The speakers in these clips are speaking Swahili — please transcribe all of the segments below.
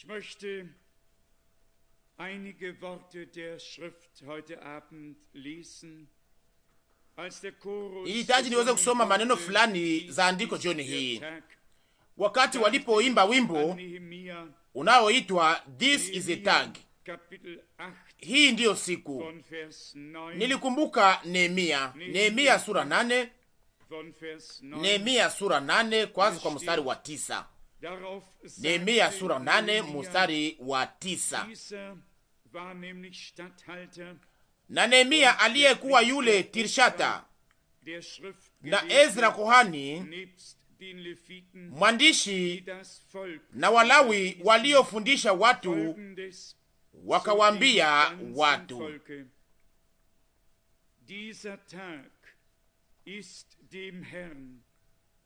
Ich möchte einige Worte der Schrift heute Abend lesen. Hitaji niweze kusoma maneno fulani za andiko jioni hii. Wakati walipoimba wimbo unaoitwa This is a tag, hii ndiyo siku, nilikumbuka Nehemia, Nehemia sura nane, Nehemia sura nane, kwanza kwa mstari wa tisa. Nehemia sura nane mustari wa tisa. Na Nehemia aliyekuwa yule Tirshata na Ezra kohani mwandishi na Walawi waliofundisha watu wakawaambia watu,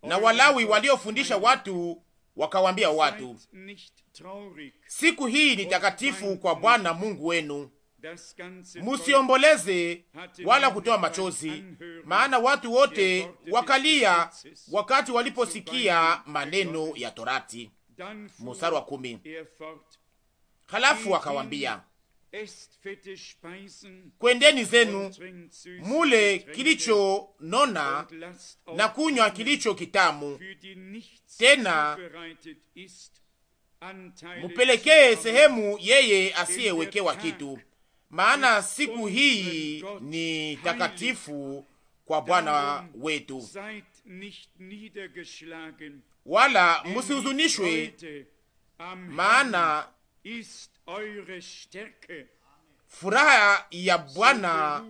na Walawi waliofundisha watu wakawambia watu, siku hii ni takatifu kwa Bwana Mungu wenu, musiomboleze wala kutoa machozi, maana watu wote wakalia wakati waliposikia maneno ya Torati. Mstari wa kumi. Halafu akawambia Kwendeni zenu mule kilicho nona na kunywa kilicho kitamu, tena mupelekee sehemu yeye asiyewekewa kitu, maana siku hii ni takatifu kwa Bwana wetu. Wala musihuzunishwe, maana Furaha ya Bwana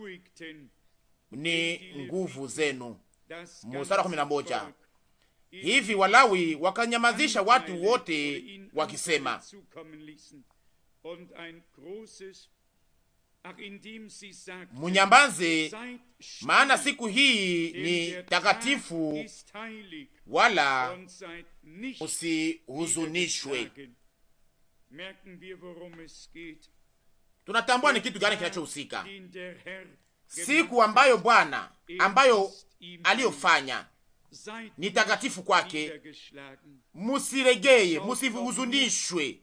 ni nguvu zenu. Mstari kumi na moja. Hivi Walawi wakanyamazisha watu wote wakisema, munyambaze, maana siku hii ni takatifu, wala usihuzunishwe tunatambua ni kitu gani kinachohusika, siku ambayo Bwana ambayo aliyofanya ni takatifu kwake. Musiregeye, musihuzunishwe,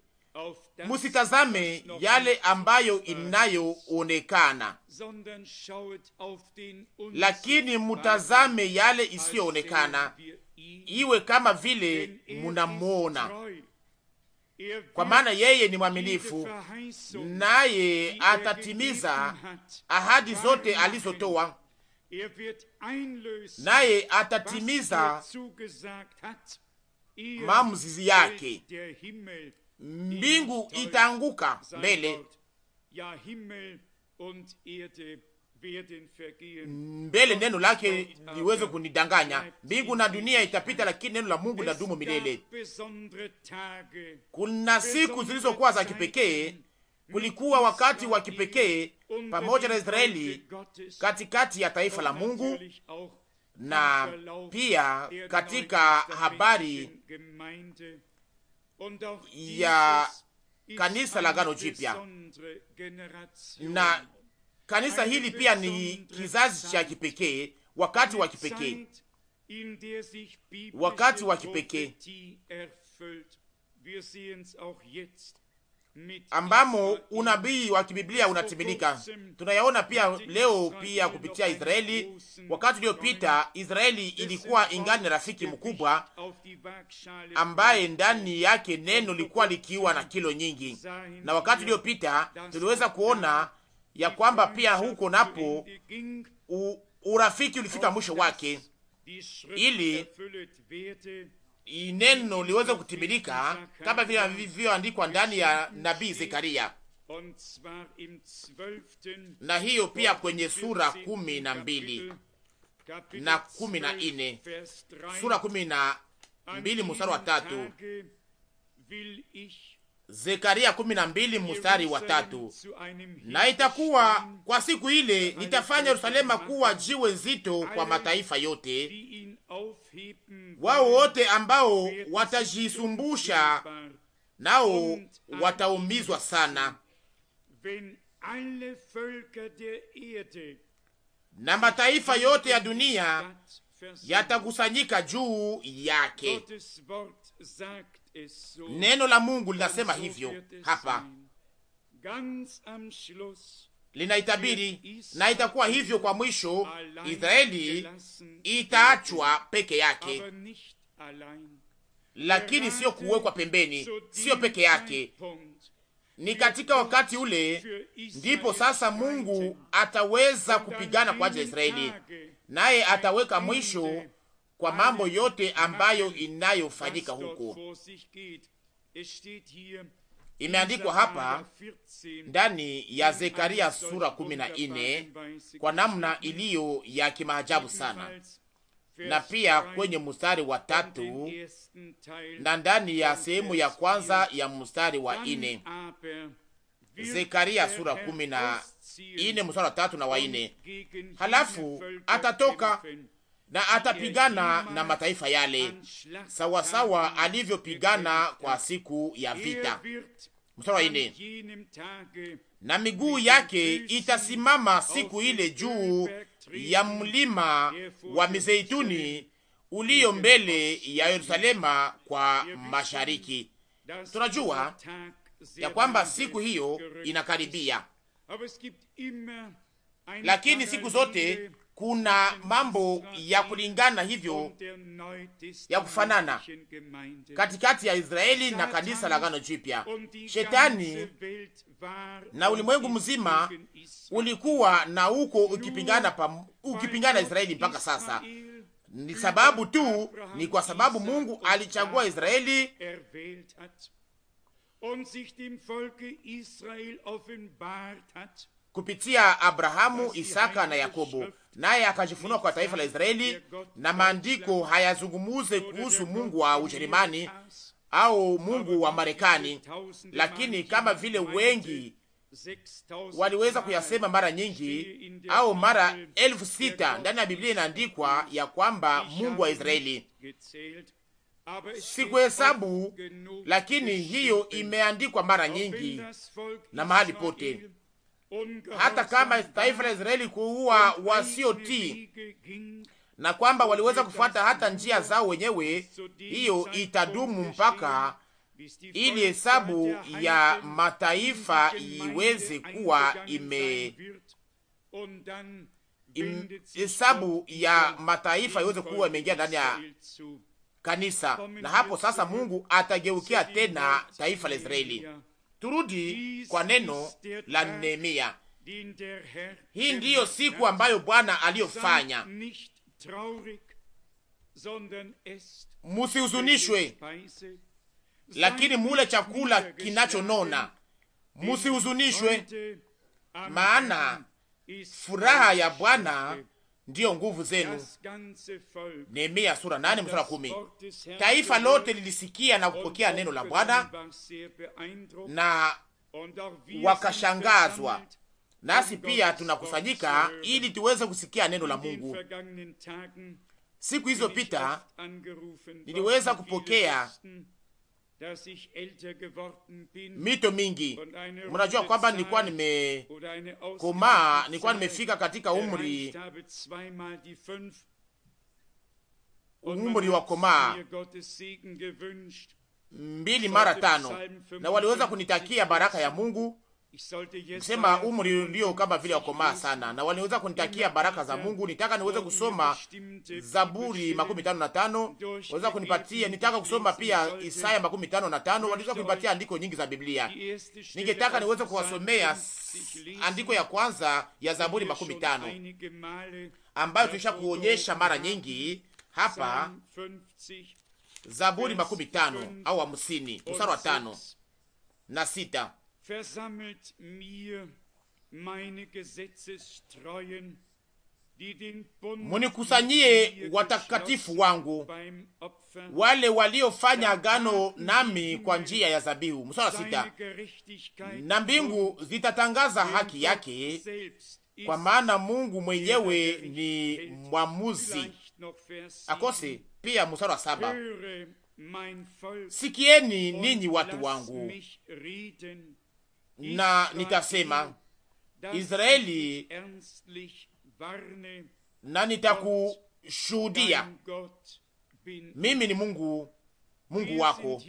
musitazame yale ambayo inayoonekana, lakini mutazame yale isiyoonekana, iwe kama vile er munamwona kwa maana yeye ni mwaminifu, naye atatimiza ahadi zote alizotoa, naye atatimiza maamuzi yake. Mbingu itaanguka mbele mbele neno lake liweze kunidanganya. Mbingu na dunia itapita, lakini neno la Mungu linadumu milele. Kuna siku zilizokuwa za kipekee, kulikuwa wakati wa kipekee pamoja na Israeli katikati ya taifa la Mungu na pia katika habari ya kanisa la gano Jipya na Kanisa hili pia ni kizazi cha kipekee, wakati wa kipekee, wakati wa kipekee ambamo unabii wa kibiblia unatimilika. Tunayaona pia leo pia kupitia Israeli. Wakati uliopita Israeli ilikuwa ingani rafiki mkubwa ambaye ndani yake neno lilikuwa likiwa na kilo nyingi, na wakati uliopita tuliweza kuona ya kwamba pia huko napo u, urafiki ulifika mwisho wake, ili ineno liweze kutimilika kama vile vilivyoandikwa ndani ya nabii Zekaria, na hiyo pia kwenye sura kumi na mbili na kumi na ine sura kumi na mbili mstari wa tatu Zekaria mbili mstari wa tatu. Na itakuwa kwa siku ile nitafanya Yerusalema kuwa jiwe nzito kwa mataifa yote, wao wote ambao watajisumbusha nao wataumizwa sana, na mataifa yote ya dunia yatakusanyika juu yake. Neno la Mungu linasema hivyo hapa, linaitabiri na itakuwa hivyo kwa mwisho. Israeli itaachwa peke yake, lakini sio kuwekwa pembeni, sio peke yake. Ni katika wakati ule ndipo sasa Mungu ataweza kupigana kwa ajili ya Israeli, naye ataweka mwisho kwa mambo yote ambayo inayofanyika huko. Imeandikwa hapa ndani ya Zekaria sura kumi na nne kwa namna iliyo ya kimaajabu sana, na pia kwenye mstari wa tatu na ndani ya sehemu ya kwanza ya mstari wa nne Zekaria sura kumi na nne mstari wa tatu na wa nne halafu atatoka na atapigana na mataifa yale sawasawa alivyopigana kwa siku ya vita. Mstari wa na miguu yake itasimama siku ile juu ya mlima wa mizeituni uliyo mbele ya Yerusalema kwa mashariki. Tunajua ya kwamba siku hiyo inakaribia, lakini siku zote kuna mambo ya kulingana hivyo ya kufanana katikati ya Israeli na kanisa la gano Jipya. Shetani na ulimwengu mzima ulikuwa na uko ukipingana pa, ukipingana Israeli mpaka sasa. Ni sababu tu, ni kwa sababu Mungu alichagua Israeli kupitia Abrahamu, Isaka na Yakobo, naye akajifunua kwa taifa la Israeli. Na maandiko hayazungumuze kuhusu Mungu wa Ujerumani au Mungu wa Marekani, lakini kama vile wengi waliweza kuyasema mara nyingi au mara elfu sita ndani ya Biblia inaandikwa ya kwamba Mungu wa Israeli hesabu lakini hiyo imeandikwa mara nyingi na mahali pote hata kama taifa la Israeli kuua wasiotii na kwamba waliweza kufuata hata njia zao wenyewe, hiyo itadumu mpaka ili hesabu ya mataifa iweze kuwa ime hesabu ya mataifa iweze kuwa imeingia ndani ya kanisa, na hapo sasa Mungu atageukia tena taifa la Israeli Turudi kwa neno la Nehemia. Hii ndiyo siku ambayo Bwana aliyofanya, musihuzunishwe, lakini mule chakula kinachonona, musihuzunishwe, maana furaha ya Bwana ndiyo nguvu zenu. Nehemia sura nane mstari kumi. Taifa lote lilisikia na kupokea neno la Bwana na wakashangazwa. Nasi pia tunakusanyika ili tuweze kusikia neno la Mungu. Siku hizo pita niliweza kupokea mito mingi. Mnajua kwamba nilikuwa nimekomaa, nilikuwa nimefika katika umri umri wa komaa mbili mara tano, na waliweza kunitakia baraka ya Mungu sema umri ndio kama vile wakomaa sana, na waliweza kunitakia baraka za Mungu. Nitaka niweze kusoma Zaburi makumi tano na tano waliweza kunipatia. Nitaka kusoma pia Isaya makumi tano na tano waliweza kunipatia andiko nyingi za Biblia. Ningetaka niweze kuwasomea andiko ya kwanza ya Zaburi makumi tano ambayo tulisha kuonyesha mara nyingi hapa. Zaburi makumi tano au hamsini mstari wa tano na sita versammelt mir meine gesetzestreuen munikusanyie watakatifu wangu wale waliofanya agano nami kwa njia ya zabihu. Msala sita. Na mbingu zitatangaza haki yake, kwa maana Mungu mwenyewe ni mwamuzi. Akose pia msala wa saba. Sikieni ninyi watu wangu na nitasema Israeli, na nitakushuhudia mimi ni Mungu, Mungu wako.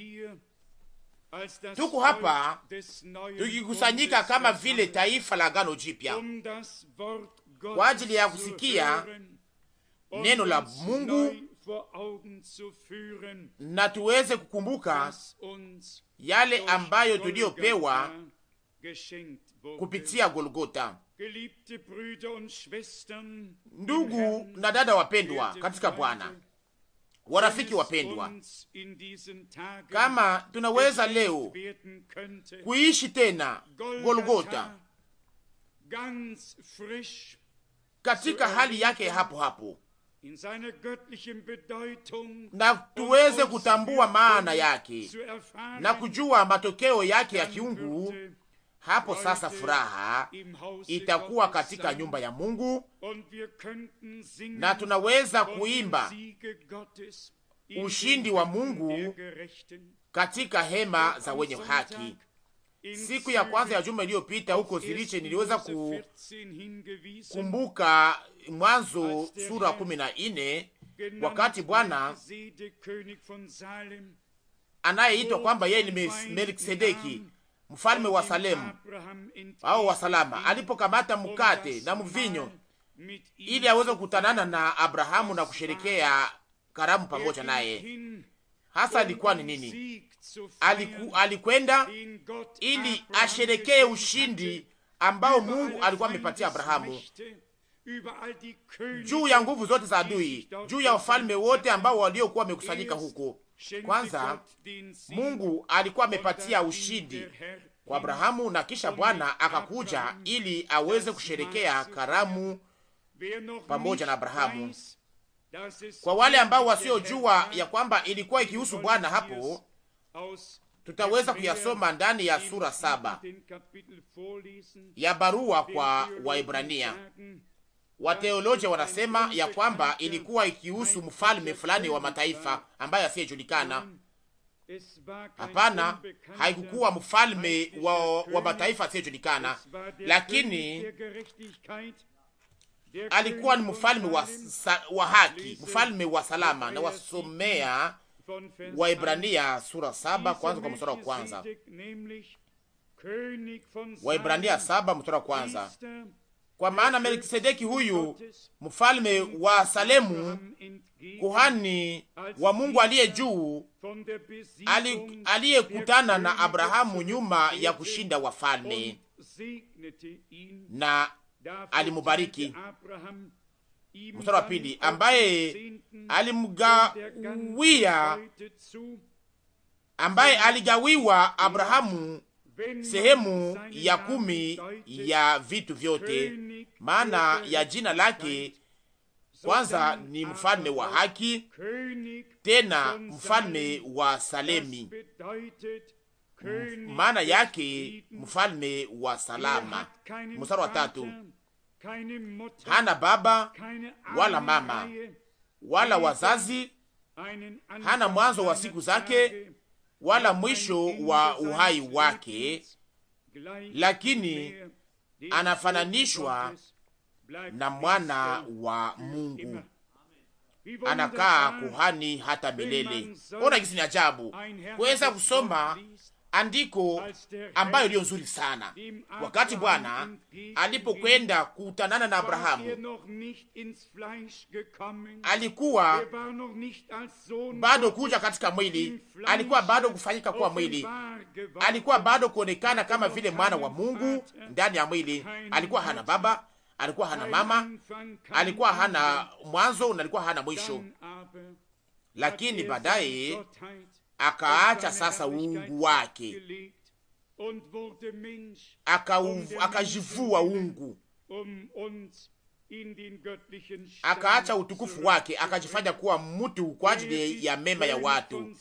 Tuko hapa tukikusanyika kama vile taifa la Agano Jipya kwa ajili ya kusikia neno la Mungu na tuweze kukumbuka yale ambayo tuliyopewa kupitia Golgota. Ndugu na dada wapendwa katika Bwana, warafiki wapendwa, kama tunaweza leo kuishi tena Golgota katika hali yake hapo hapo na tuweze kutambua maana yake na kujua matokeo yake ya kiungu hapo sasa furaha itakuwa katika nyumba ya Mungu, na tunaweza kuimba ushindi wa Mungu katika hema za wenye haki. Siku ya kwanza ya juma iliyopita huko Ziriche niliweza kukumbuka Mwanzo sura kumi na nne wakati Bwana anayeitwa kwamba yeye ni Melkisedeki mfalme wa Salemu au wa Salama alipokamata mkate na mvinyo ili aweze kukutanana na Abrahamu na kusherekea karamu pamoja naye. Hasa alikuwa ni nini? Aliku, alikwenda ili asherekee ushindi ambao Mungu alikuwa amepatia Abrahamu juu ya nguvu zote za adui, juu ya wafalme wote ambao waliokuwa wamekusanyika huko kwanza Mungu alikuwa amepatia ushindi kwa Abrahamu na kisha Bwana akakuja ili aweze kusherekea karamu pamoja na Abrahamu. Kwa wale ambao wasiojua ya kwamba ilikuwa ikihusu Bwana hapo, tutaweza kuyasoma ndani ya sura saba ya barua kwa Waebrania. Wateolojia wanasema ya kwamba ilikuwa ikihusu mfalme fulani wa mataifa ambaye asiyejulikana. Hapana, haikukuwa mfalme wa, wa mataifa asiyejulikana, lakini alikuwa ni mfalme wa, wa haki, mfalme wa salama. Na wasomea Waebrania sura saba kwanza kwa mstari wa kwanza. Waebrania saba mstari wa kwanza kwa maana Melkisedeki huyu mfalme wa Salemu, kuhani wa Mungu aliye juu, aliyekutana na Abrahamu nyuma ya kushinda wafalme, na alimubariki. Mstari wa pili, ambaye alimgawia, ambaye aligawiwa Abrahamu sehemu ya kumi ya vitu vyote. Maana ya jina lake kwanza ni mfalme wa haki, tena mfalme wa Salemi, maana yake mfalme wa salama. Mstari wa tatu, hana baba wala mama wala wazazi, hana mwanzo wa siku zake wala mwisho wa uhai wake, lakini anafananishwa na mwana wa Mungu, anakaa kuhani hata milele. Ona jinsi ni ajabu kuweza kusoma andiko ambayo iliyo nzuri sana. Wakati Bwana alipokwenda kutanana na Abrahamu, alikuwa bado kuja katika mwili, alikuwa bado kufanyika kuwa mwili, alikuwa bado kuonekana kama vile mwana wa Mungu ndani ya mwili. Alikuwa hana baba, alikuwa hana mama, alikuwa hana mwanzo na alikuwa hana mwisho, lakini baadaye akaacha sasa uungu wake, akajivua uungu, akaacha utukufu wake, akajifanya kuwa mtu kwa ajili ya mema ya watu,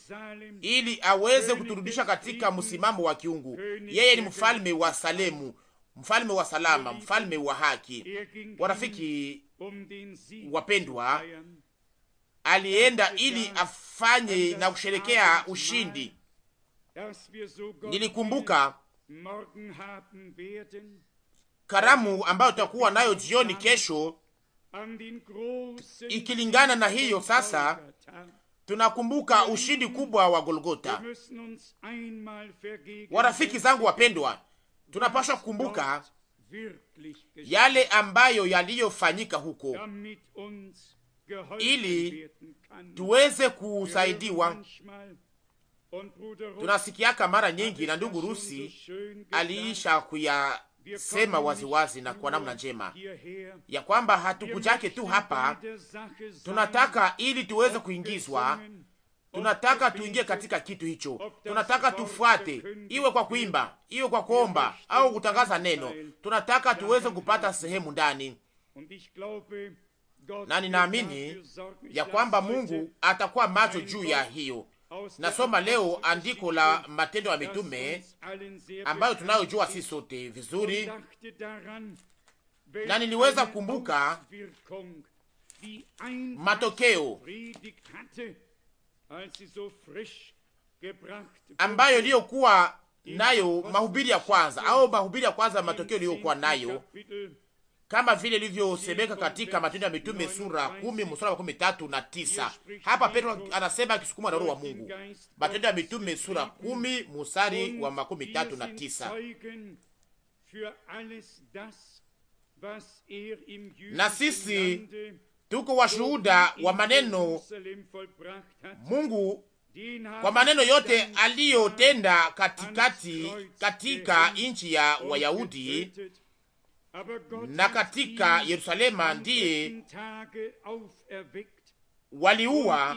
ili aweze kuturudisha katika msimamo wa kiungu. Yeye ni mfalme wa Salemu, mfalme wa salama, mfalme wa haki. Warafiki wapendwa, alienda ili afanye na kusherekea ushindi. Nilikumbuka karamu ambayo tutakuwa nayo jioni kesho, ikilingana na hiyo sasa tunakumbuka ushindi kubwa wa Golgota. Warafiki zangu wapendwa, tunapaswa kukumbuka yale ambayo yaliyofanyika huko, ili tuweze kusaidiwa. Tunasikiaka mara nyingi, na ndugu Rusi aliisha kuyasema waziwazi na kwa namna njema ya kwamba hatukujake tu hapa, tunataka ili tuweze kuingizwa tunataka tuingie katika kitu hicho, tunataka tufuate, iwe kwa kuimba, iwe kwa kuomba au kutangaza neno. Tunataka tuweze kupata sehemu ndani, na ninaamini ya kwamba Mungu atakuwa macho juu ya hiyo. Nasoma leo andiko la Matendo ya Mitume ambayo tunayojua si sote vizuri, na niliweza kukumbuka matokeo ambayo iliyokuwa nayo mahubiri ya kwanza au mahubiri ya kwanza, matokeo iliyokuwa nayo kama vile ilivyosemeka katika Matendo ya Mitume sura kumi mstari wa kumi tatu na tisa. Hapa Petro anasema akisukumwa na Roho wa Mungu. Matendo ya Mitume sura kumi mstari wa makumi tatu na tisa. Na sisi tuko washuhuda wa maneno Mungu kwa maneno yote aliyotenda katikati katika nchi ya Wayahudi na katika Yerusalema ndiye waliua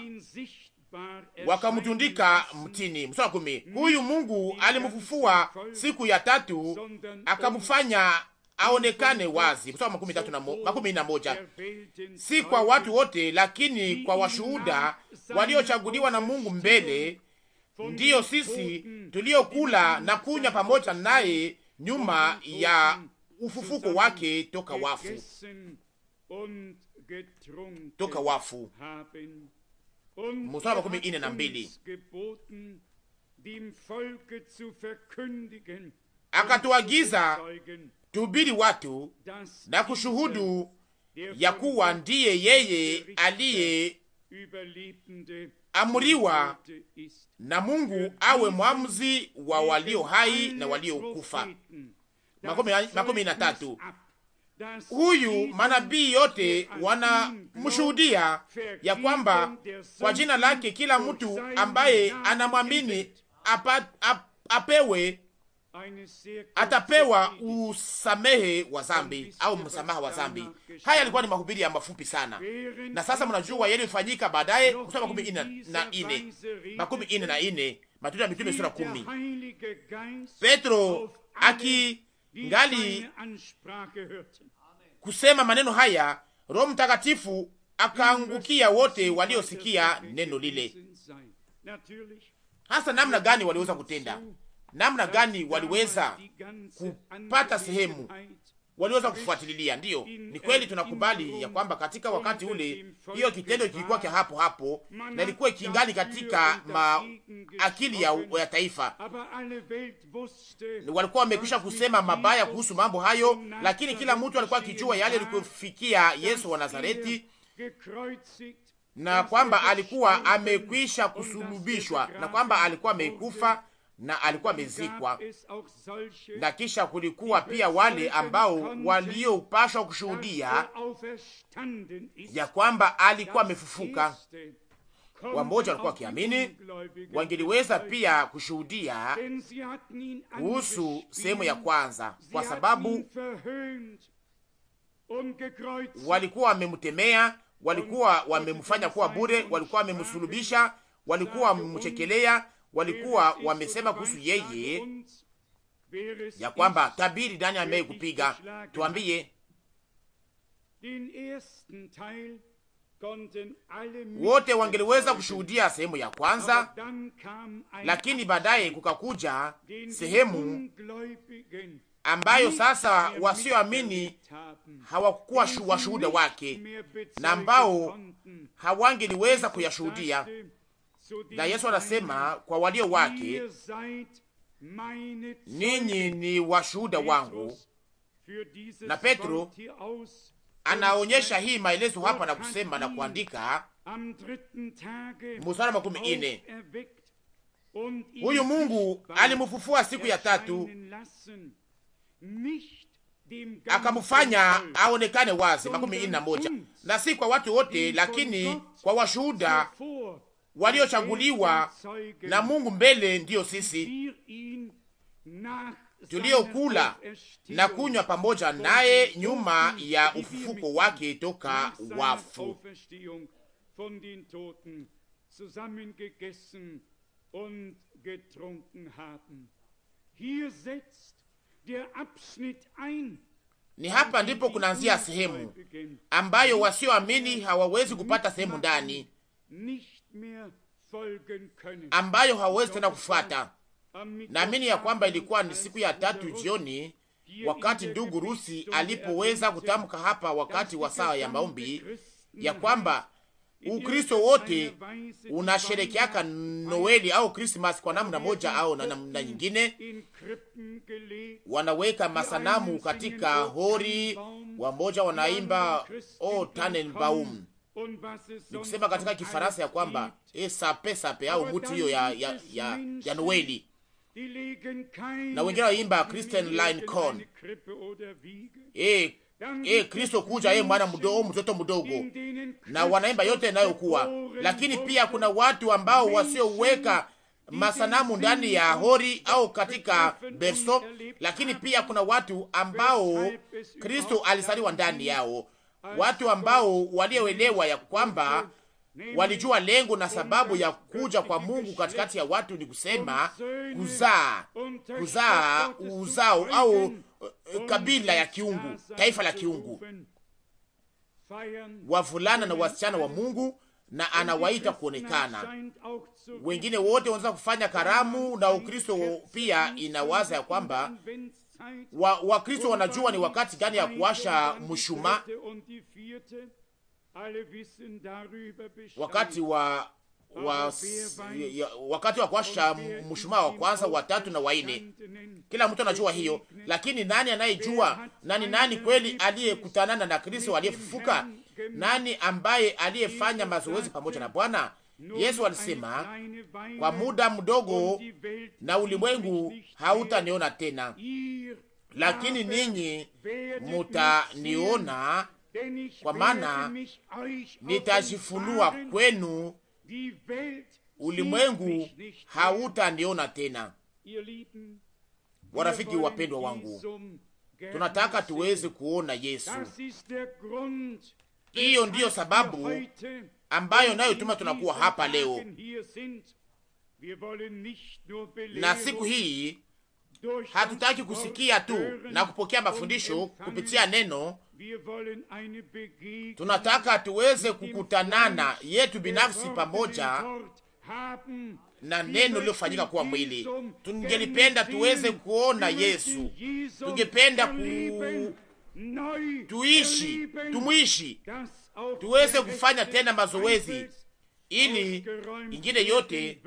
wakamutundika mtini. Mstari kumi, huyu Mungu alimufufua siku ya tatu akamufanya aonekane wazi. Mstari makumi tatu na mo, makumi na moja, si kwa watu wote, lakini kwa washuhuda waliochaguliwa na Mungu mbele, ndiyo sisi tuliokula na kunywa pamoja naye nyuma ya ufufuko wake toka wafu, toka wafu. Mstari makumi ine na mbili akatuagiza tubiri watu na kushuhudu ya kuwa ndiye yeye aliye amuriwa na Mungu awe mwamuzi wa walio hai na waliokufa makumi na tatu. Huyu manabii yote wanamshuhudia ya kwamba kwa jina lake kila mtu ambaye anamwamini ap, apewe atapewa usamehe wa zambi au msamaha wa zambi. Haya yalikuwa ni mahubiri ya mafupi sana, na sasa mnajua yaliyofanyika baadaye. Kusoma makumi ine na ine, makumi ine na ine, Matendo ya Mitume sura kumi, Petro aki ngali kusema maneno haya, Roho Mtakatifu akaangukia wote waliosikia neno lile. Hasa namna gani waliweza kutenda, namna gani waliweza kupata sehemu waliweza kufuatililia Ndiyo, ni kweli, tunakubali ya kwamba katika wakati ule hiyo kitendo kilikuwa kia hapo hapo na ilikuwa kingali katika ma akili ya, ya taifa. Walikuwa wamekwisha kusema mabaya kuhusu mambo hayo, lakini kila mtu alikuwa akijua yale alikufikia Yesu wa Nazareti na kwamba alikuwa amekwisha kusulubishwa na kwamba alikuwa amekufa na alikuwa amezikwa, na kisha kulikuwa pia wale ambao waliopashwa kushuhudia ya kwamba alikuwa amefufuka. Wamoja walikuwa wakiamini, wangeliweza pia kushuhudia kuhusu sehemu ya kwanza, kwa sababu walikuwa wamemtemea, walikuwa wamemfanya kuwa bure, walikuwa wamemsulubisha, walikuwa wamemchekelea walikuwa wamesema kuhusu yeye ya kwamba tabiri nani ameye kupiga, tuambie. Wote wangeliweza kushuhudia sehemu ya kwanza, lakini baadaye kukakuja sehemu ambayo sasa wasioamini hawakuwa washuhuda wake na ambao hawangeliweza kuyashuhudia na Yesu anasema kwa walio wake, ninyi ni washuhuda wangu. Na Petro anaonyesha hii maelezo hapa na kusema na kuandika mstari makumi ine, huyu Mungu alimufufua siku ya tatu akamfanya aonekane wazi. makumi ine na moja, na si kwa watu wote, lakini kwa washuhuda waliochaguliwa na Mungu mbele, ndiyo sisi tuliokula na kunywa pamoja naye nyuma ya ufufuko wake toka wafu. Ni hapa ndipo kunaanzia sehemu ambayo wasioamini hawawezi kupata sehemu ndani ambayo hawezi tena kufuata. Naamini ya kwamba ilikuwa ni siku ya tatu jioni wakati ndugu Rusi alipoweza kutamka hapa wakati wa saa ya maombi ya kwamba Ukristo wote unasherekeaka Noeli au Krismas kwa namna moja au na namna nyingine. Wanaweka masanamu katika hori, wamoja wanaimba o Tannenbaum, nikusema katika Kifaransa ya kwamba e, sape sape au muti hiyo ya, ya, ya, ya Noeli, na wengine waimba Christian line corn e, e, Kristo kuja, e mwana mdogo, mtoto mdogo, na wanaimba yote inayokuwa. Lakini pia kuna watu ambao wasioweka masanamu ndani ya hori au katika berso, lakini pia kuna watu ambao Kristo alisaliwa ndani yao watu ambao walioelewa ya kwamba walijua lengo na sababu ya kuja kwa Mungu katikati ya watu ni kusema kuzaa, kuzaa uzao au eh, kabila ya kiungu, taifa la kiungu, wavulana na wasichana wa Mungu, na anawaita kuonekana. Wengine wote wanaweza kufanya karamu na Ukristo pia inawaza ya kwamba Wakristo wa wanajua ni wakati gani ya kuwasha mshumaa, wakati wa wa wakati wa kuwasha mshumaa wa kwanza, wa tatu na wa nne. Kila mtu anajua hiyo, lakini nani anayejua? Nani nani kweli aliyekutanana na Kristo aliyefufuka? Nani ambaye aliyefanya mazoezi pamoja na Bwana? Yesu alisema, kwa muda mdogo na ulimwengu hautaniona tena, lakini ninyi mutaniona, kwa maana nitajifunua kwenu. Ulimwengu hautaniona tena. Warafiki wapendwa wangu, tunataka tuweze kuona Yesu. Hiyo ndiyo sababu ambayo nayo tuma tunakuwa hapa leo na siku hii. Hatutaki kusikia tu na kupokea mafundisho kupitia neno, tunataka tuweze kukutanana yetu binafsi pamoja na neno lilofanyika kuwa mwili. Tungelipenda tuweze kuona Yesu, tungependa ku tuishi tumwishi tuweze kufanya tena mazoezi ili ingine yote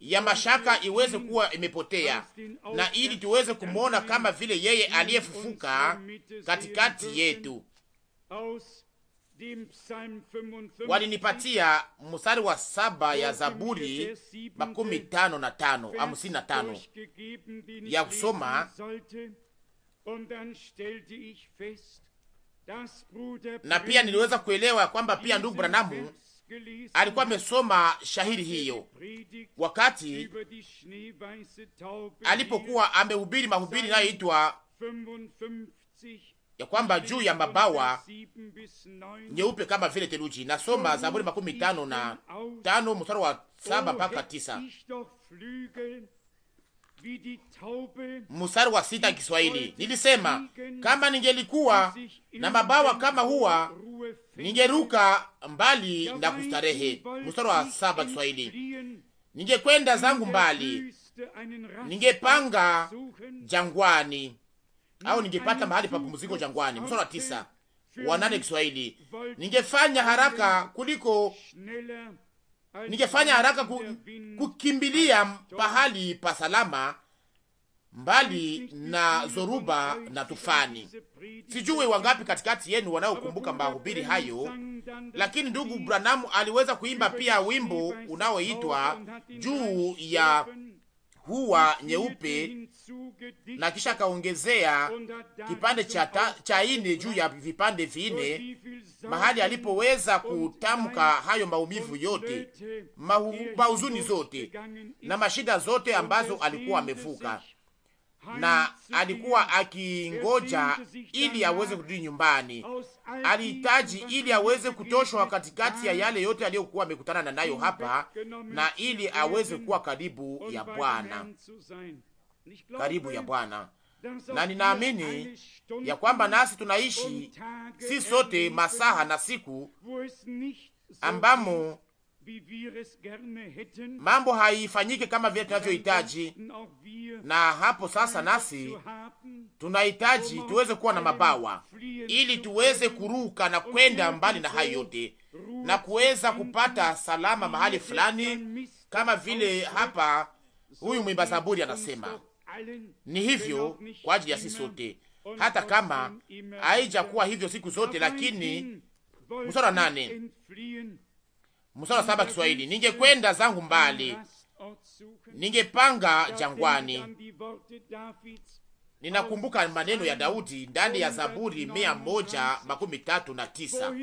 ya mashaka iweze kuwa imepotea na ili tuweze kumwona kama vile yeye aliyefufuka katikati yetu. Walinipatia mstari wa saba ya Zaburi makumi tano na tano hamsini na tano ya kusoma na pia niliweza kuelewa kwamba pia ndugu Branamu alikuwa amesoma shahiri hiyo wakati alipokuwa amehubiri mahubiri inayoitwa ya kwamba juu ya mabawa nyeupe kama vile teluji. Nasoma Zaburi makumi tano na tano mstari wa saba oh, mpaka tisa mstari wa sita Kiswahili, nilisema kama ningelikuwa na mabawa kama huwa ningeruka mbali na kustarehe. Mstari wa saba Kiswahili, ningekwenda zangu mbali, ningepanga jangwani au ningepata mahali pa pumziko jangwani. Mstari wa tisa wanane Kiswahili, ningefanya haraka kuliko ningefanya haraka ku, kukimbilia pahali pa salama mbali na zoruba na tufani. Sijui wangapi katikati yenu wanaokumbuka mahubiri hayo, lakini ndugu Branham aliweza kuimba pia wimbo unaoitwa juu ya huwa nyeupe na kisha akaongezea kipande cha, cha ine juu ya vipande vine mahali alipoweza kutamka hayo maumivu yote, mahu, zote na mashida zote ambazo alikuwa amevuka na alikuwa akiingoja ili aweze kurudi nyumbani. Alihitaji ili aweze kutoshwa katikati ya yale yote aliyokuwa amekutana na nayo hapa, na ili aweze kuwa karibu ya Bwana, karibu ya Bwana. Na ninaamini ya kwamba nasi tunaishi si sote masaha na siku ambamo mambo haifanyike kama vile tunavyohitaji, na hapo sasa nasi tunahitaji um tuweze kuwa na mabawa ili tuweze kuruka na kwenda mbali na hayo yote na kuweza kupata salama mahali fulani, kama vile hapa huyu mwimba Zaburi anasema ni hivyo kwa ajili ya sisi sote, hata kama haijakuwa hivyo siku zote, lakini msara nane Msala saba Kiswahili, ningekwenda zangu mbali, ningepanga jangwani. Ninakumbuka maneno ya Daudi ndani ya Zaburi mia moja makumi tatu na tisa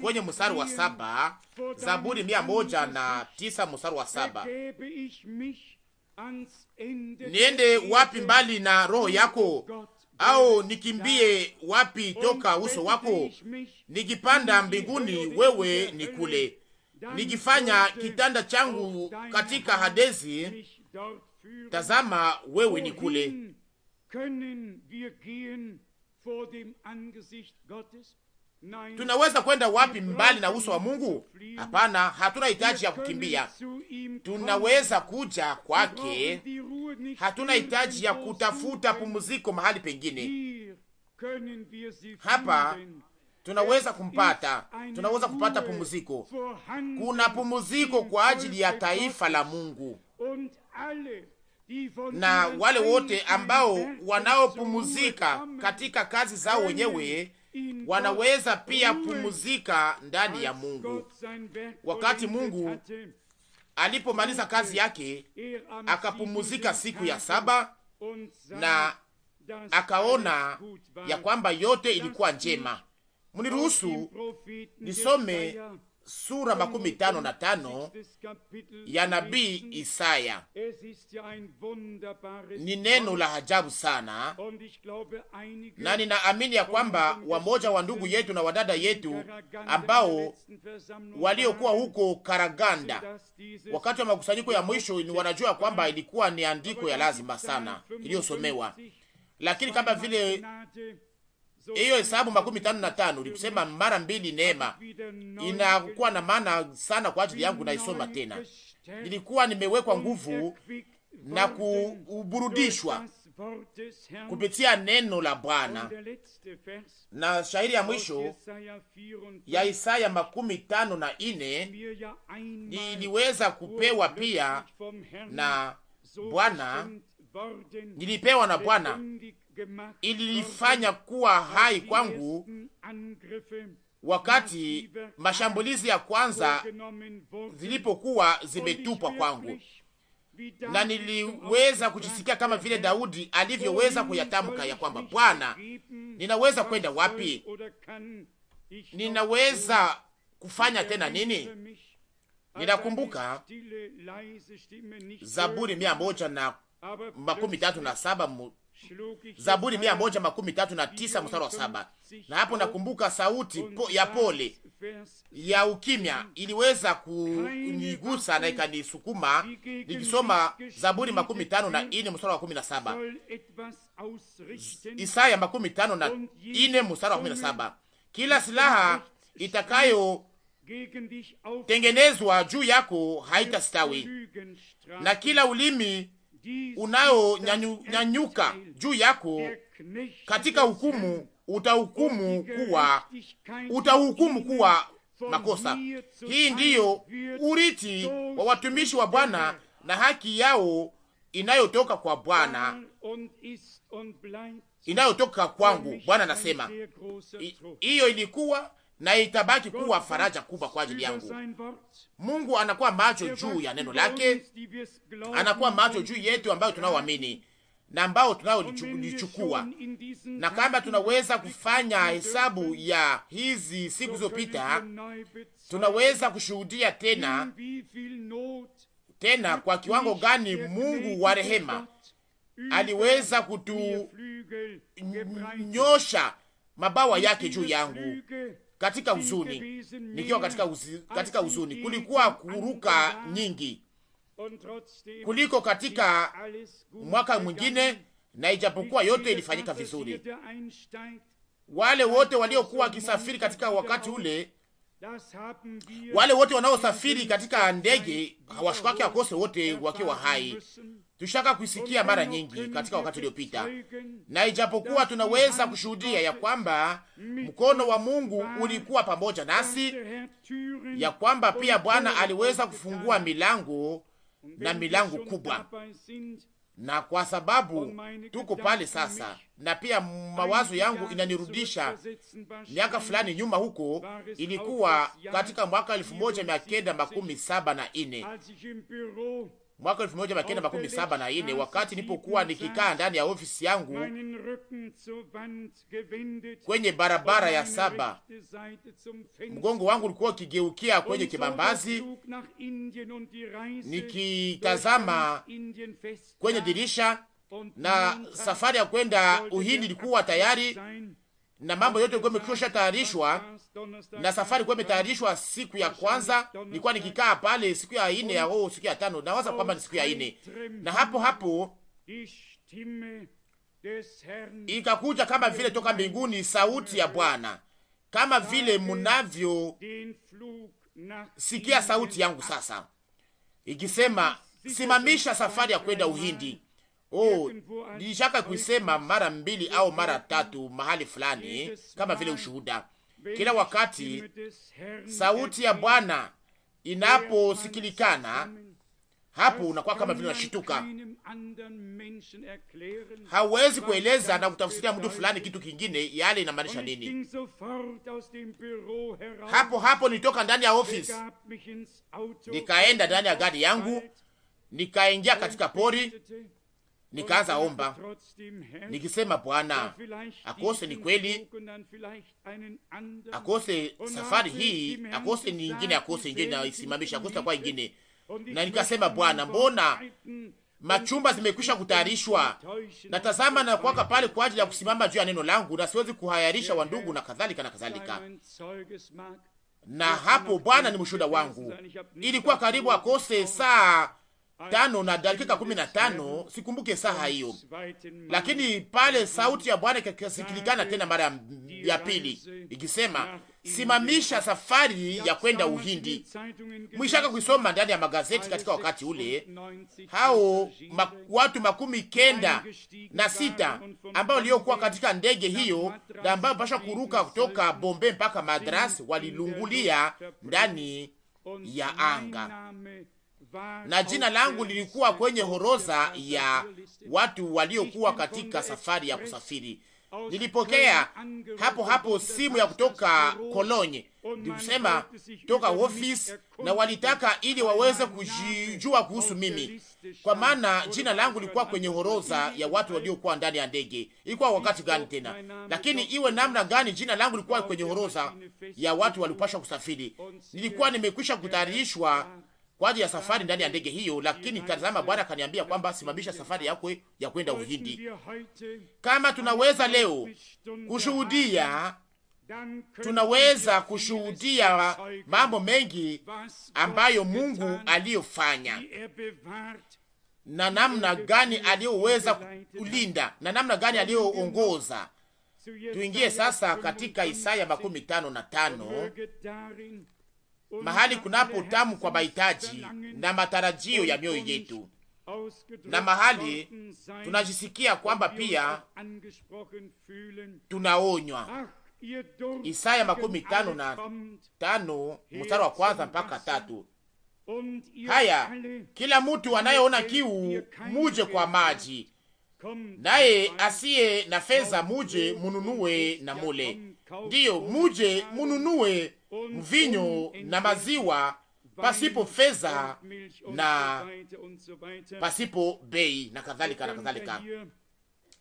kwenye mstari wa saba. Zaburi mia moja na tisa mstari wa saba. Niende wapi mbali na roho yako, au nikimbie wapi toka uso wako? Nikipanda mbinguni, wewe ni kule nikifanya kitanda changu katika hadezi tazama wewe ni kule. Tunaweza kwenda wapi mbali na uso wa Mungu? Hapana, hatuna hitaji ya kukimbia. Tunaweza kuja kwake, hatuna hitaji ya kutafuta pumziko mahali pengine. Hapa tunaweza kumpata, tunaweza kupata pumziko. Kuna pumziko kwa ajili ya taifa la Mungu na wale wote ambao wanaopumuzika katika kazi zao wenyewe wanaweza pia pumuzika ndani ya Mungu. Wakati Mungu alipomaliza kazi yake, akapumuzika siku ya saba na akaona ya kwamba yote ilikuwa njema mniruhusu nisome sura makumi tano na tano ya nabii Isaya. Ni neno la ajabu sana, na ninaamini ya kwamba wamoja wa ndugu yetu na wadada yetu ambao waliokuwa huko Karaganda wakati wa makusanyiko ya mwisho ni wanajua kwamba ilikuwa ni andiko ya lazima sana iliyosomewa, lakini kama vile hiyo Hesabu makumi tano na tano likusema mara mbili neema, inakuwa na maana sana kwa ajili yangu. Naisoma tena, nilikuwa nimewekwa nguvu na kuburudishwa kupitia neno la Bwana. Na shahiri ya mwisho ya Isaya makumi tano na ine niliweza kupewa pia na Bwana, nilipewa na Bwana ilifanya kuwa hai kwangu wakati mashambulizi ya kwanza zilipokuwa zimetupwa kwangu, na niliweza kujisikia kama vile Daudi alivyoweza kuyatamka ya kwamba Bwana, ninaweza kwenda wapi? Ninaweza kufanya tena nini? Ninakumbuka Zaburi mia moja na makumi tatu na saba Zaburi mia moja makumi tatu na tisa mstari wa saba. Na hapo nakumbuka sauti po, ya pole ya ukimya iliweza kunigusa na ikanisukuma nikisoma Zaburi makumi tano na ine mstari wa kumi na saba, Isaya makumi tano na ine mstari wa kumi na saba. Kila silaha itakayo tengenezwa juu yako haitastawi na kila ulimi unayonyanyuka juu yako katika hukumu, utahukumu kuwa utahukumu kuwa makosa. Hii ndiyo urithi wa watumishi wa Bwana na haki yao inayotoka kwa Bwana, inayotoka kwangu. Bwana anasema hiyo ilikuwa na itabaki kuwa faraja kubwa kwa ajili yangu. Mungu anakuwa macho juu ya neno lake, anakuwa macho juu yetu ambayo tunaoamini na ambao tunaolichukua, na kama tunaweza kufanya hesabu ya hizi siku zilizopita, tunaweza kushuhudia tena tena kwa kiwango gani Mungu wa rehema aliweza kutunyosha mabawa yake juu yangu katika huzuni, nikiwa katika uzi, katika huzuni kulikuwa kuruka nyingi kuliko katika mwaka mwingine, na ijapokuwa yote ilifanyika vizuri. Wale wote waliokuwa wakisafiri katika wakati ule, wale wote wanaosafiri katika ndege hawashukaki akose wote wakiwa hai, Tushaka kuisikia mara nyingi katika wakati uliopita, na ijapokuwa tunaweza kushuhudia ya kwamba mkono wa Mungu ulikuwa pamoja nasi, ya kwamba pia Bwana aliweza kufungua milango na milango kubwa, na kwa sababu tuko pale sasa, na pia mawazo yangu inanirudisha miaka fulani nyuma. Huko ilikuwa katika mwaka elfu moja mia kenda makumi saba na nne mwaka elfu moja makenda makumi saba na ine wakati nilipokuwa nikikaa ndani ya ofisi yangu kwenye barabara ya saba, mgongo wangu ulikuwa ukigeukia kwenye kibambazi, nikitazama kwenye dirisha, na safari ya kwenda Uhindi ilikuwa tayari na mambo yote ilikuwa imekwisha tayarishwa na safari ilikuwa imetayarishwa. Siku ya kwanza nilikuwa nikikaa pale, siku ya ine au oh, siku ya tano, nawaza kwamba ni siku ya ine, na hapo hapo ikakuja kama vile toka mbinguni sauti ya Bwana, kama vile mnavyo sikia sauti yangu sasa ikisema, simamisha safari ya kwenda Uhindi Oh, nilishaka kuisema mara mbili au mara tatu mahali fulani, kama vile ushuhuda. Kila wakati sauti ya Bwana inaposikilikana, hapo unakuwa kama vile unashituka. Hawezi kueleza na kutafsiria mtu fulani kitu kingine, yale inamaanisha nini. Hapo hapo nilitoka ndani ya ofisi, nikaenda ndani ya gari yangu, nikaingia katika pori nikaanza omba nikisema, Bwana, akose ni kweli, akose safari hii, akose ni ingine, akose ingine naisimamisha, akose takuwa ingine. Na nikasema, Bwana, mbona machumba zimekwisha kutayarishwa, na tazama na kwaka pale kwa ajili ya kusimama juu ya neno langu, na siwezi kuhayarisha wandugu na kadhalika na kadhalika. Na hapo Bwana ni mshuhuda wangu, ilikuwa karibu akose saa tano na dakika kumi na tano sikumbuke saha hiyo, lakini pale sauti ya Bwana ikasikilikana tena mara ya pili ikisema, simamisha safari ya kwenda Uhindi. Mwishaka kuisoma ndani ya magazeti katika wakati ule, hao ma, watu makumi kenda na sita ambao waliokuwa katika ndege hiyo na ambao pasha kuruka kutoka Bombe mpaka Madras walilungulia ndani ya anga na jina langu lilikuwa kwenye horoza ya watu waliokuwa katika safari ya kusafiri. Nilipokea hapo hapo simu ya kutoka Kolonye nikusema toka ofisi, na walitaka ili waweze kujijua kuhusu mimi, kwa maana jina langu lilikuwa kwenye horoza ya watu waliokuwa ndani ya ndege. Ilikuwa wakati gani tena? Lakini iwe namna gani, jina langu lilikuwa kwenye horoza ya watu waliopashwa kusafiri. Nilikuwa nimekwisha kutayarishwa kwa ajili ya safari ndani ya ndege hiyo, lakini tazama, Bwana akaniambia kwamba simamisha safari yako ya kwenda Uhindi. Kama tunaweza leo kushuhudia, tunaweza kushuhudia mambo mengi ambayo Mungu aliyofanya na namna gani aliyoweza kulinda na namna gani aliyoongoza. Tuingie sasa katika Isaya makumi tano na tano mahali kunapo tamu kwa mahitaji na matarajio ya mioyo yetu, na mahali tunajisikia kwamba pia tunaonywa. Isaya makumi tano na tano mstari wa kwanza mpaka tatu. Haya, kila mtu anayeona kiu muje kwa maji, naye asiye na fedha muje mununue na mule. Ndiyo, muje mununue mvinyo na maziwa, pasipo fedha na pasipo bei na kadhalika na kadhalika,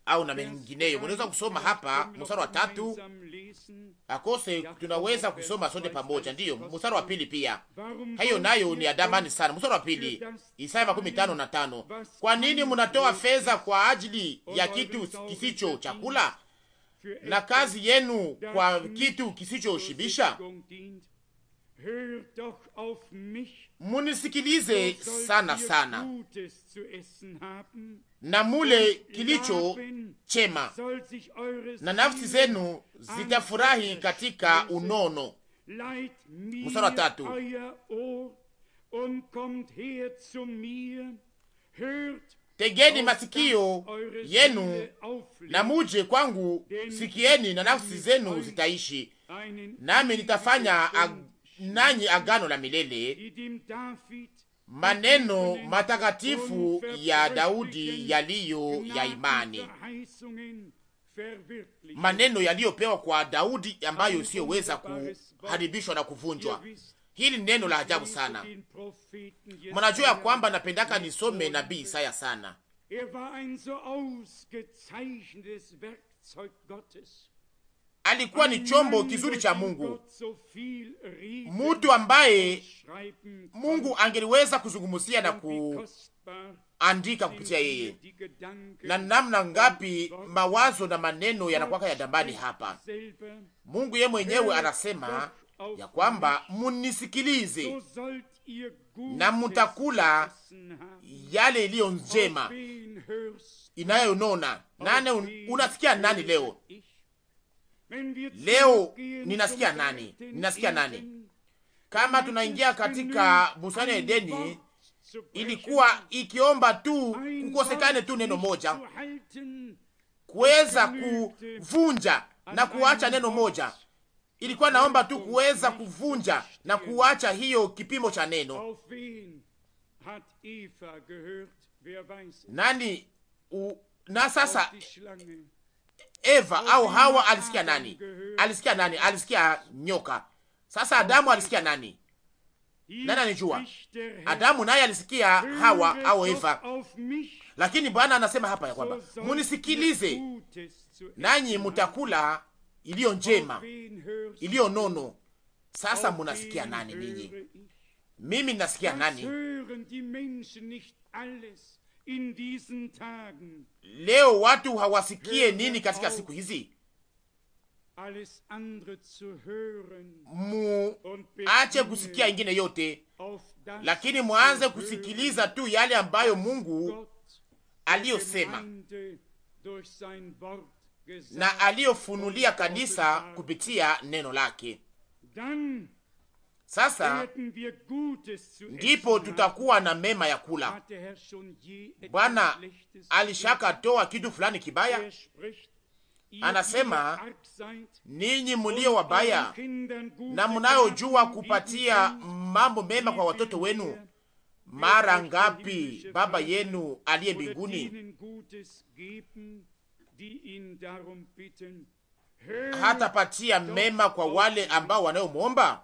au na mengineyo. Unaweza kusoma hapa mstari wa tatu akose, tunaweza kusoma sote pamoja, ndiyo mstari wa pili pia. Hayo nayo ni adamani sana. Mstari wa pili, Isaya makumi tano na tano. Kwa nini mnatoa fedha kwa ajili ya kitu kisicho chakula na kazi yenu kwa kitu kisichoshibisha? Munisikilize sana sana na mule kilicho chema, na nafsi zenu zitafurahi katika unono. Msara tatu, Tegeni masikio yenu na muje kwangu, sikieni na nafsi zenu zitaishi, nami nitafanya ag nanyi agano la milele. Maneno matakatifu ya Daudi yaliyo ya imani, maneno yaliyopewa kwa Daudi ambayo isiyoweza kuharibishwa na kuvunjwa. Hili neno la ajabu sana. Mnajua ya kwamba napendaka nisome nabii Isaya sana. Alikuwa ni chombo kizuri cha Mungu, mtu ambaye Mungu angeliweza kuzungumzia na kuandika kupitia yeye, na namna ngapi mawazo na maneno yanakuwa ya dambani hapa. Mungu ye mwenyewe anasema ya kwamba munisikilize na mutakula yale iliyo njema inayonona. Nane unasikia nani leo? Leo ninasikia nani? Ninasikia nani? Kama tunaingia katika bustani ya Edeni, ilikuwa ikiomba tu kukosekane tu neno moja, kuweza kuvunja na kuacha neno moja ilikuwa naomba tu kuweza kuvunja na kuacha hiyo kipimo cha neno. Nani u, na sasa Eva au Hawa alisikia nani? Alisikia nani? Alisikia nyoka. Sasa Adamu alisikia nani? Nani anijua? Adamu naye alisikia Hawa au Eva. Lakini Bwana anasema hapa ya kwamba munisikilize, nanyi mutakula iliyo njema, iliyo nono. Sasa munasikia nani ninyi? Mimi ninasikia nani? Leo watu hawasikie nini katika siku hizi? Muache kusikia ingine yote, lakini mwanze kusikiliza tu yale ambayo Mungu aliyosema na aliyofunulia kanisa kupitia neno lake. Sasa ndipo tutakuwa na mema ya kula. Bwana alishaka toa kitu fulani kibaya, anasema ninyi mulio wabaya na munayojua kupatia mambo mema kwa watoto wenu, mara ngapi Baba yenu aliye mbinguni hatapatia mema kwa wale ambao wanayomwomba.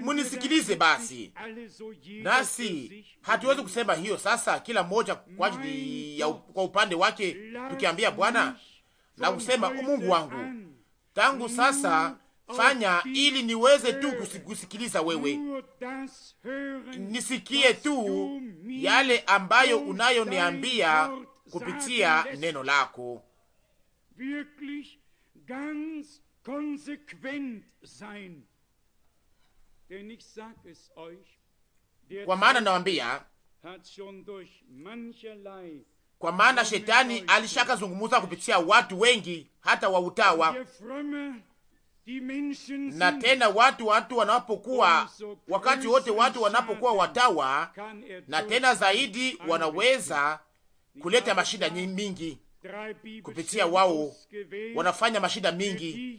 Munisikilize basi, nasi hatuwezi kusema hiyo sasa, kila mmoja kwa ajili ya kwa upande wake, tukiambia Bwana na kusema Mungu wangu, tangu sasa fanya ili niweze tu kusikiliza wewe, nisikie tu yale ambayo unayoniambia kupitia neno lako wirklich ganz konsequent sein. Denn ich sag es euch, kwa maana nawambia, kwa maana shetani alishakazungumuza kupitia watu wengi, hata wa utawa na tena watu watu wanapokuwa wakati wote watu wanapokuwa watawa, er na tena zaidi wanaweza kuleta mashida mingi kupitia wao wanafanya mashida mingi.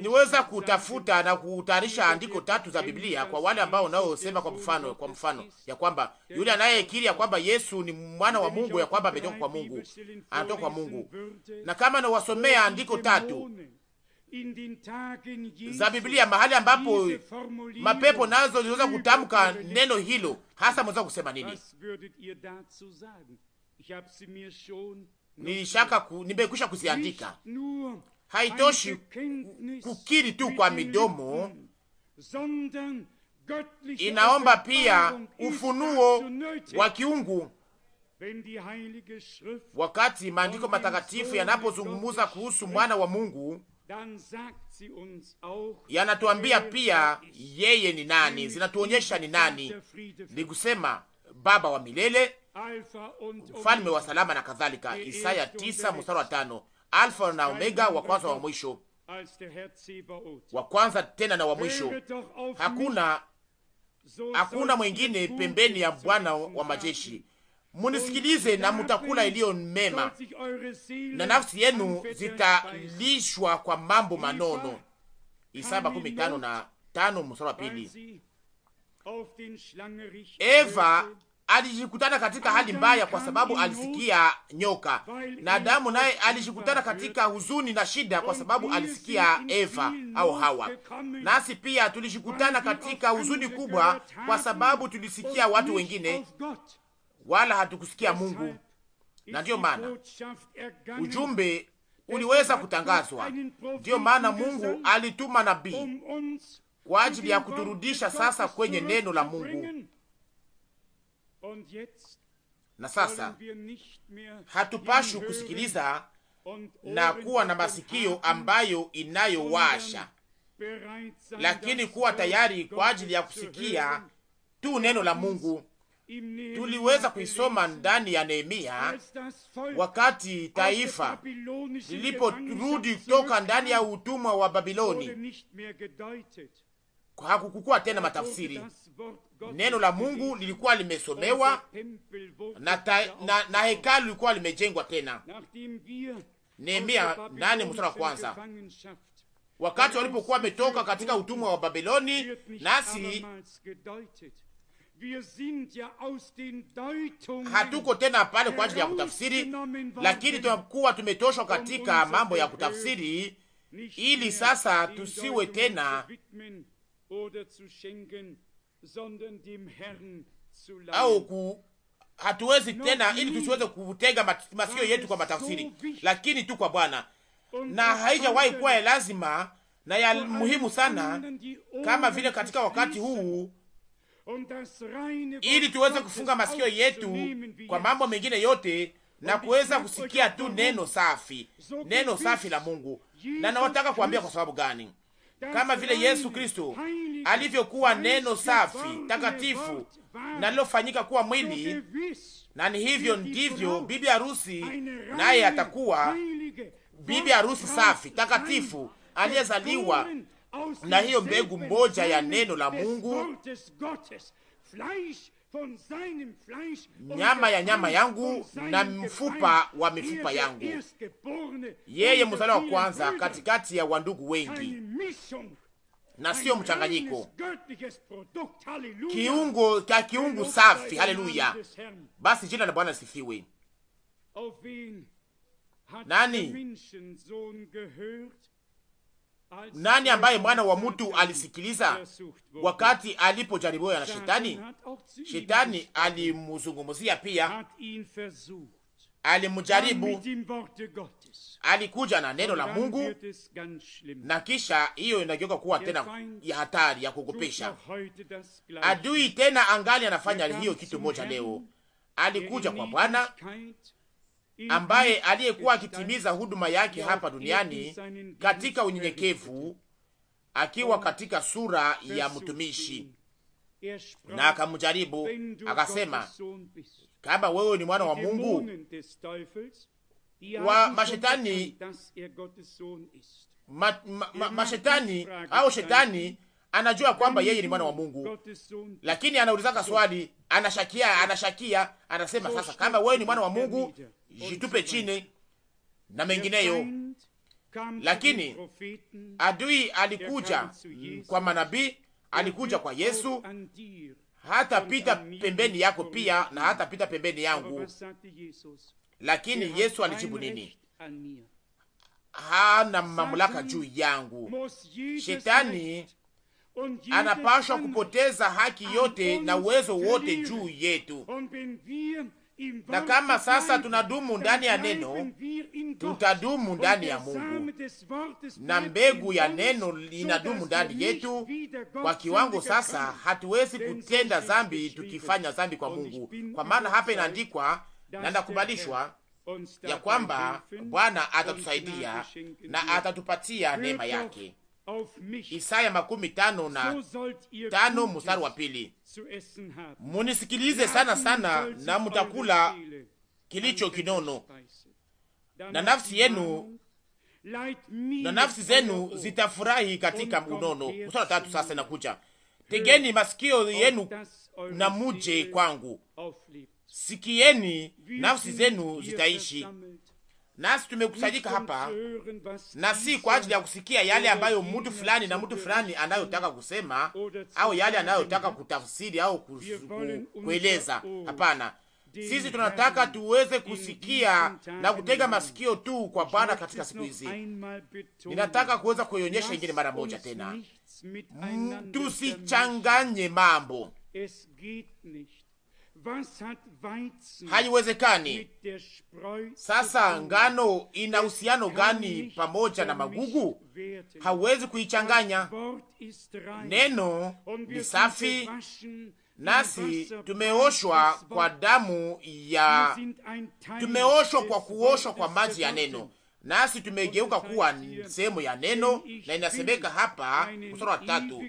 Niweza kutafuta na kutayarisha andiko tatu za Biblia kwa wale ambao wanaosema kwa mfano, kwa mfano ya kwamba yule anayekiri ya kwamba Yesu ni mwana wa Mungu, ya kwamba ametoka kwa Mungu, anatoka kwa Mungu. Na kama nawasomea andiko tatu za Biblia mahali ambapo mapepo nazo ziliweza kutamka neno hilo, hasa mweza kusema nini? nilishaka ku, nimekwisha kuziandika. Haitoshi kukiri tu kwa midomo, inaomba pia ufunuo wa kiungu. Wakati maandiko matakatifu yanapozungumuza kuhusu mwana wa Mungu, yanatuambia pia er yeye ni nani, zinatuonyesha ni nani, ni kusema Baba wa milele mfalme wa salama na kadhalika. Isaya tisa mstari wa tano Alfa na Omega, wa kwanza wa mwisho, wa kwanza tena na wa mwisho. Hakuna hakuna mwingine pembeni ya Bwana wa majeshi. Munisikilize na mutakula iliyo mema, na nafsi yenu zitalishwa kwa mambo manono. Isaya kumi tano na tano mstari wa pili. Eva alijikutana katika hali mbaya, kwa sababu alisikia nyoka, na Adamu naye alijikutana katika huzuni na shida, kwa sababu alisikia Eva au Hawa. Nasi pia tulijikutana katika huzuni kubwa, kwa sababu tulisikia watu wengine, wala hatukusikia Mungu. Na ndiyo maana ujumbe uliweza kutangazwa. Ndiyo maana Mungu alituma nabii kwa ajili ya kuturudisha sasa kwenye neno la Mungu na sasa hatupashwi kusikiliza na kuwa na masikio ambayo inayowasha, lakini kuwa tayari kwa ajili ya kusikia tu neno la Mungu. Tuliweza kuisoma ndani ya Nehemia, wakati taifa liliporudi kutoka ndani ya utumwa wa Babiloni, hakukukuwa tena matafsiri neno la Mungu lilikuwa limesomewa na, ta, na, na hekalu lilikuwa limejengwa tena. Nehemia nane mstari wa kwanza. Wakati walipokuwa wametoka katika utumwa wa Babiloni, nasi hatuko tena pale kwa ajili ya kutafsiri, lakini tunakuwa tumetoshwa katika mambo ya kutafsiri, ili sasa tusiwe tena au ku hatuwezi tena, ili tusiweze kutega masikio yetu kwa matafsiri, lakini tu kwa Bwana. Na haijawahi kuwa ya lazima na ya muhimu sana kama vile katika wakati huu, ili tuweze kufunga masikio yetu kwa mambo mengine yote na kuweza kusikia tu neno safi, neno safi la Mungu. Na nawataka kuambia kwa sababu gani? kama vile Yesu Kristo alivyokuwa neno safi takatifu nalilofanyika kuwa mwili, na ni hivyo ndivyo bibi harusi naye atakuwa bibi harusi safi takatifu aliyezaliwa na hiyo mbegu moja ya neno la Mungu nyama ya nyama yangu na mfupa wa mifupa yangu. Yeye mzaliwa wa kwanza katikati ya wandugu wengi na siyo mchanganyiko, kiungo cha kiungu safi. Haleluya! Basi jina la Bwana sifiwe. Nani nani ambaye mwana wa mtu alisikiliza wakati alipojaribiwa na shetani? Shetani alimuzungumzia pia, alimujaribu alikuja na neno la Mungu, na kisha hiyo inageuka kuwa tena ya hatari ya kuogopesha. Adui tena angali anafanya hiyo kitu moja leo. Alikuja kwa Bwana ambaye aliyekuwa akitimiza huduma yake hapa duniani katika unyenyekevu, akiwa oh, katika sura ya mtumishi, na akamjaribu akasema, kama wewe ni mwana wa Mungu wa mashetani ma, ma, ma, mashetani au shetani anajua kwamba yeye ni mwana wa Mungu, lakini anaulizaka swali, anashakia, anashakia, anasema sasa, kama wewe ni mwana wa Mungu, jitupe chini na mengineyo. Lakini adui alikuja mm, kwa manabii, alikuja kwa Yesu, hata pita pembeni yako pia na hata pita pembeni yangu. Lakini Yesu alijibu nini? Hana mamlaka juu yangu. Shetani anapashwa kupoteza haki yote na uwezo wote juu yetu. Na kama sasa tunadumu ndani ya neno, tutadumu ndani ya Mungu, na mbegu ya neno inadumu ndani yetu kwa kiwango. Sasa hatuwezi kutenda zambi tukifanya zambi kwa Mungu, kwa maana hapa inaandikwa na nakubalishwa ya kwamba Bwana atatusaidia na atatupatia neema yake. Isaya makumi tano na tano mstari wa pili. Munisikilize sana sana, na mutakula kilicho kinono, na nafsi yenu na nafsi zenu zitafurahi katika unono. Mstari tatu sasa inakuja, tegeni masikio yenu na muje kwangu, sikieni, nafsi zenu zitaishi nasi tumekusanyika hapa na si kwa ajili ya kusikia yale ambayo mtu fulani na mtu fulani anayotaka kusema au yale anayotaka kutafsiri au kueleza. Hapana, sisi tunataka tuweze kusikia na kutega masikio tu kwa Bwana katika siku hizi. Ninataka kuweza kuionyesha ingine mara moja tena, mm, tusichanganye mambo haiwezekani. Sasa ngano ina uhusiano gani pamoja na magugu? Hawezi kuichanganya. Neno ni safi, nasi tumeoshwa kwa damu ya, tumeoshwa kwa kuoshwa kwa maji ya neno nasi tumegeuka kuwa sehemu ya neno, na inasemeka hapa mstari wa tatu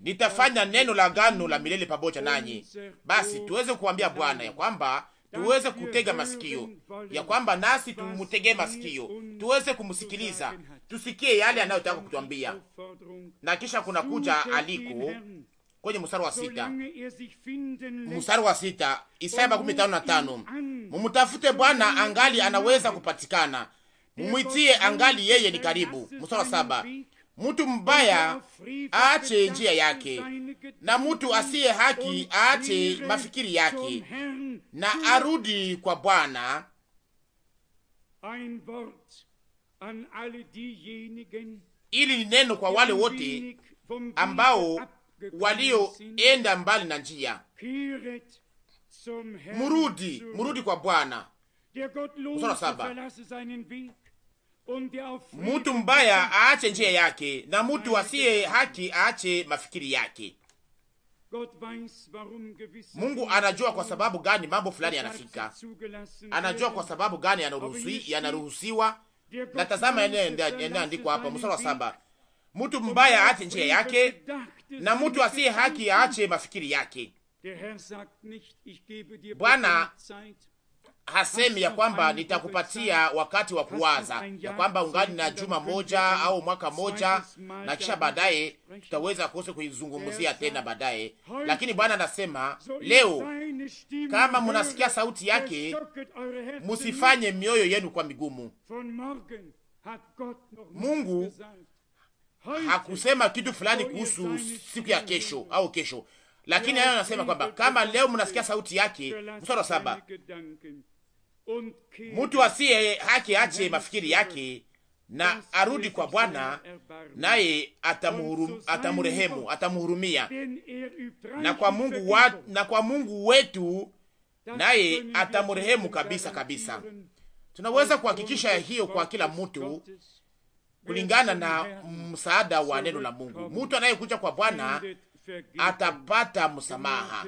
nitafanya neno la gano la milele pamoja nanyi. Basi tuweze kuambia Bwana ya kwamba tuweze kutega masikio, ya kwamba nasi tumutege masikio, tuweze kumsikiliza, tusikie yale anayotaka kutwambia Na kisha kuna kuja aliko kwenye mstari wa sita, er mstari wa sita, Isaya makumi tano na tano mumtafute Bwana angali er anaweza kupatikana, mumwitie angali yeye ni karibu. Mstari wa saba mtu mbaya aache njia yake, na mtu asiye haki aache mafikiri yake, na arudi kwa Bwana. Ili ni neno kwa wale wote ambao walioenda mbali na njia. Murudi, murudi kwa Bwana. Mtu mbaya aache njia yake, na mtu asiye haki aache mafikiri yake. Mungu anajua kwa sababu gani mambo fulani yanafika, anajua kwa sababu gani yanaruhusi, yanaruhusiwa. Na tazama yanayoandikwa hapa mstari wa saba, mtu mbaya aache njia yake, na mtu asiye haki aache mafikiri yake. Bwana hasemi ya kwamba nitakupatia wakati wa kuwaza, ya kwamba ungani na juma moja au mwaka moja, na kisha baadaye tutaweza kuhusu kuizungumzia tena baadaye. Lakini Bwana anasema leo, kama munasikia sauti yake, musifanye mioyo yenu kwa migumu. Mungu hakusema kitu fulani kuhusu siku ya kesho au kesho, lakini hayo anasema kwamba kama leo mnasikia sauti yake, mstari wa saba Mtu asiye haki ache mafikiri yake na arudi kwa Bwana, naye atamurehemu, atamhurumia, na kwa Mungu wa, na kwa Mungu wetu naye atamurehemu kabisa kabisa. Tunaweza kuhakikisha hiyo kwa kila mtu kulingana na msaada wa neno la Mungu. Mtu anayekuja kwa Bwana atapata msamaha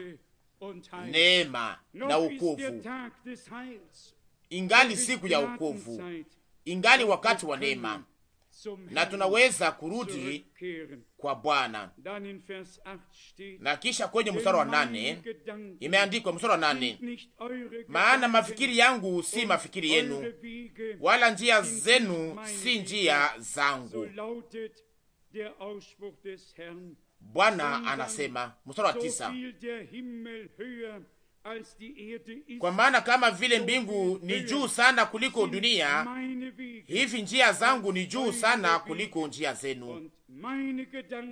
neema na ukovu. Ingali siku ya ukovu, ingali wakati wa neema, na tunaweza kurudi kwa Bwana. Na kisha kwenye mstari wa nane imeandikwa, mstari wa nane maana mafikiri yangu si mafikiri yenu, wala njia zenu si njia zangu. Bwana anasema mstari wa tisa, kwa maana kama vile mbingu ni juu sana kuliko dunia, hivi njia zangu ni juu sana kuliko njia zenu,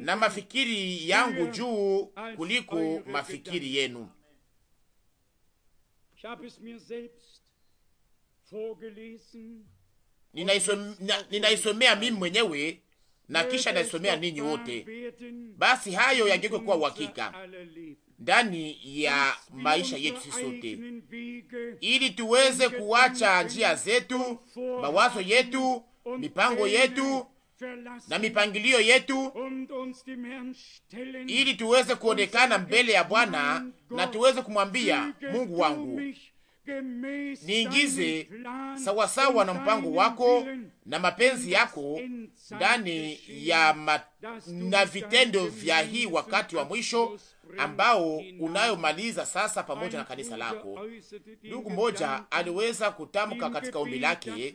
na mafikiri yangu juu kuliko mafikiri yenu. Ninaisomea mimi mwenyewe na kisha naisomea ninyi wote. Basi hayo yangekwe kuwa uhakika ndani ya maisha yetu sisi sote, ili tuweze kuwacha njia zetu, mawazo yetu, mipango yetu na mipangilio yetu, ili tuweze kuonekana mbele ya Bwana na tuweze kumwambia Mungu wangu niingize sawasawa na mpango wako na mapenzi yako ndani ya ma, na vitendo vya hii wakati wa mwisho ambao unayomaliza sasa pamoja na kanisa lako. Ndugu mmoja aliweza kutamka katika ombi lake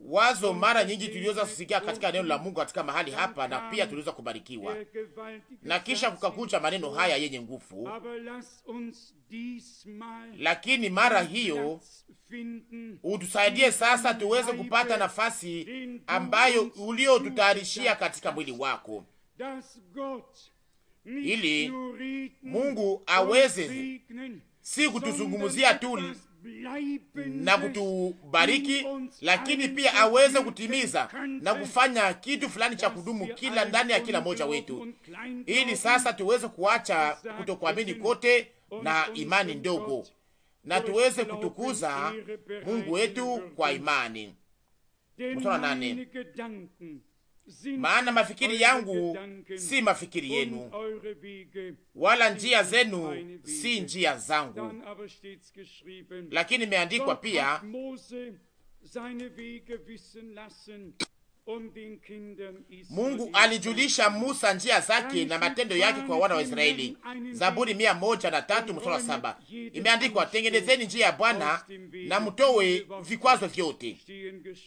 wazo mara nyingi tuliweza kusikia katika neno la Mungu katika mahali hapa, na pia tuliweza kubarikiwa na kisha kukakucha maneno haya yenye nguvu. Lakini mara hiyo utusaidie sasa tuweze kupata nafasi ambayo uliotutayarishia katika mwili wako, ili Mungu aweze si kutuzungumzia tu na kutubariki, lakini pia aweze kutimiza na kufanya kitu fulani cha kudumu kila ndani ya kila moja wetu, ili sasa tuweze kuacha kutokuamini kote na imani ndogo, na tuweze kutukuza Mungu wetu kwa imani maana mafikiri yangu si mafikiri yenu, wala njia zenu si njia zangu. Lakini imeandikwa pia Mungu alijulisha Musa njia zake na matendo yake kwa wana wa Israeli. Zaburi mia moja na tatu mstari wa saba imeandikwa, tengenezeni njia ya Bwana na mtowe vikwazo vyote.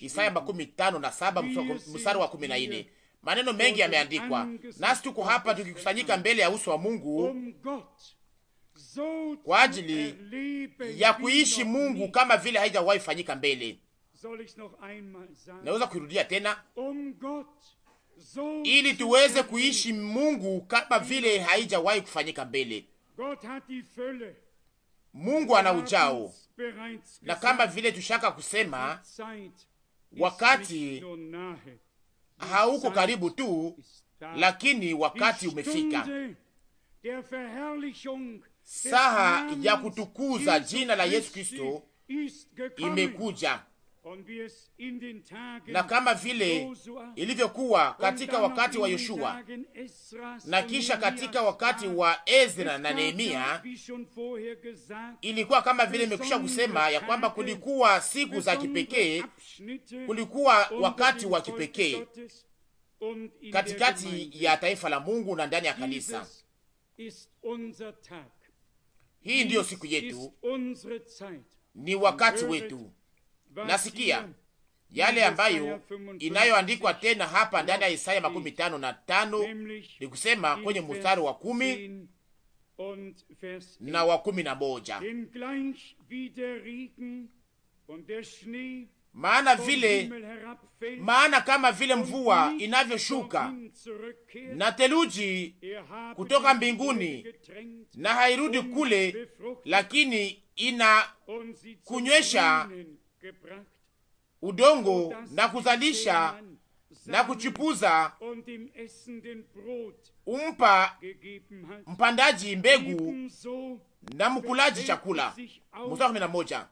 Isaya makumi tano na saba mstari wa kumi na nne. Maneno mengi yameandikwa, nasi tuko hapa tukikusanyika mbele ya uso wa Mungu kwa ajili ya kuishi Mungu kama vile haijawahi fanyika mbele naweza kuirudia tena um so ili tuweze kuishi Mungu kama vile haijawahi kufanyika mbele. Mungu er ana ujao, na kama vile tushaka kusema, wakati hauko karibu tu, lakini wakati umefika, saha ya kutukuza jina la Yesu Kristo imekuja na kama vile ilivyokuwa katika wakati wa Yoshua na kisha katika wakati wa Ezra na Nehemia, ilikuwa kama vile imekwisha kusema ya kwamba kulikuwa siku za kipekee, kulikuwa wakati wa kipekee katikati ya taifa la Mungu na ndani ya kanisa. Hii ndiyo siku yetu, ni wakati wetu nasikia yale ambayo inayoandikwa tena hapa ndani ya Isaya makumi tano na tano ni kusema kwenye mstari wa kumi na wa kumi na moja maana vile maana kama vile mvua inavyoshuka na teluji kutoka mbinguni na hairudi kule, lakini inakunywesha udongo na kuzalisha na kuchipuza, umpa mpandaji mbegu na mkulaji chakula. Mstari moja.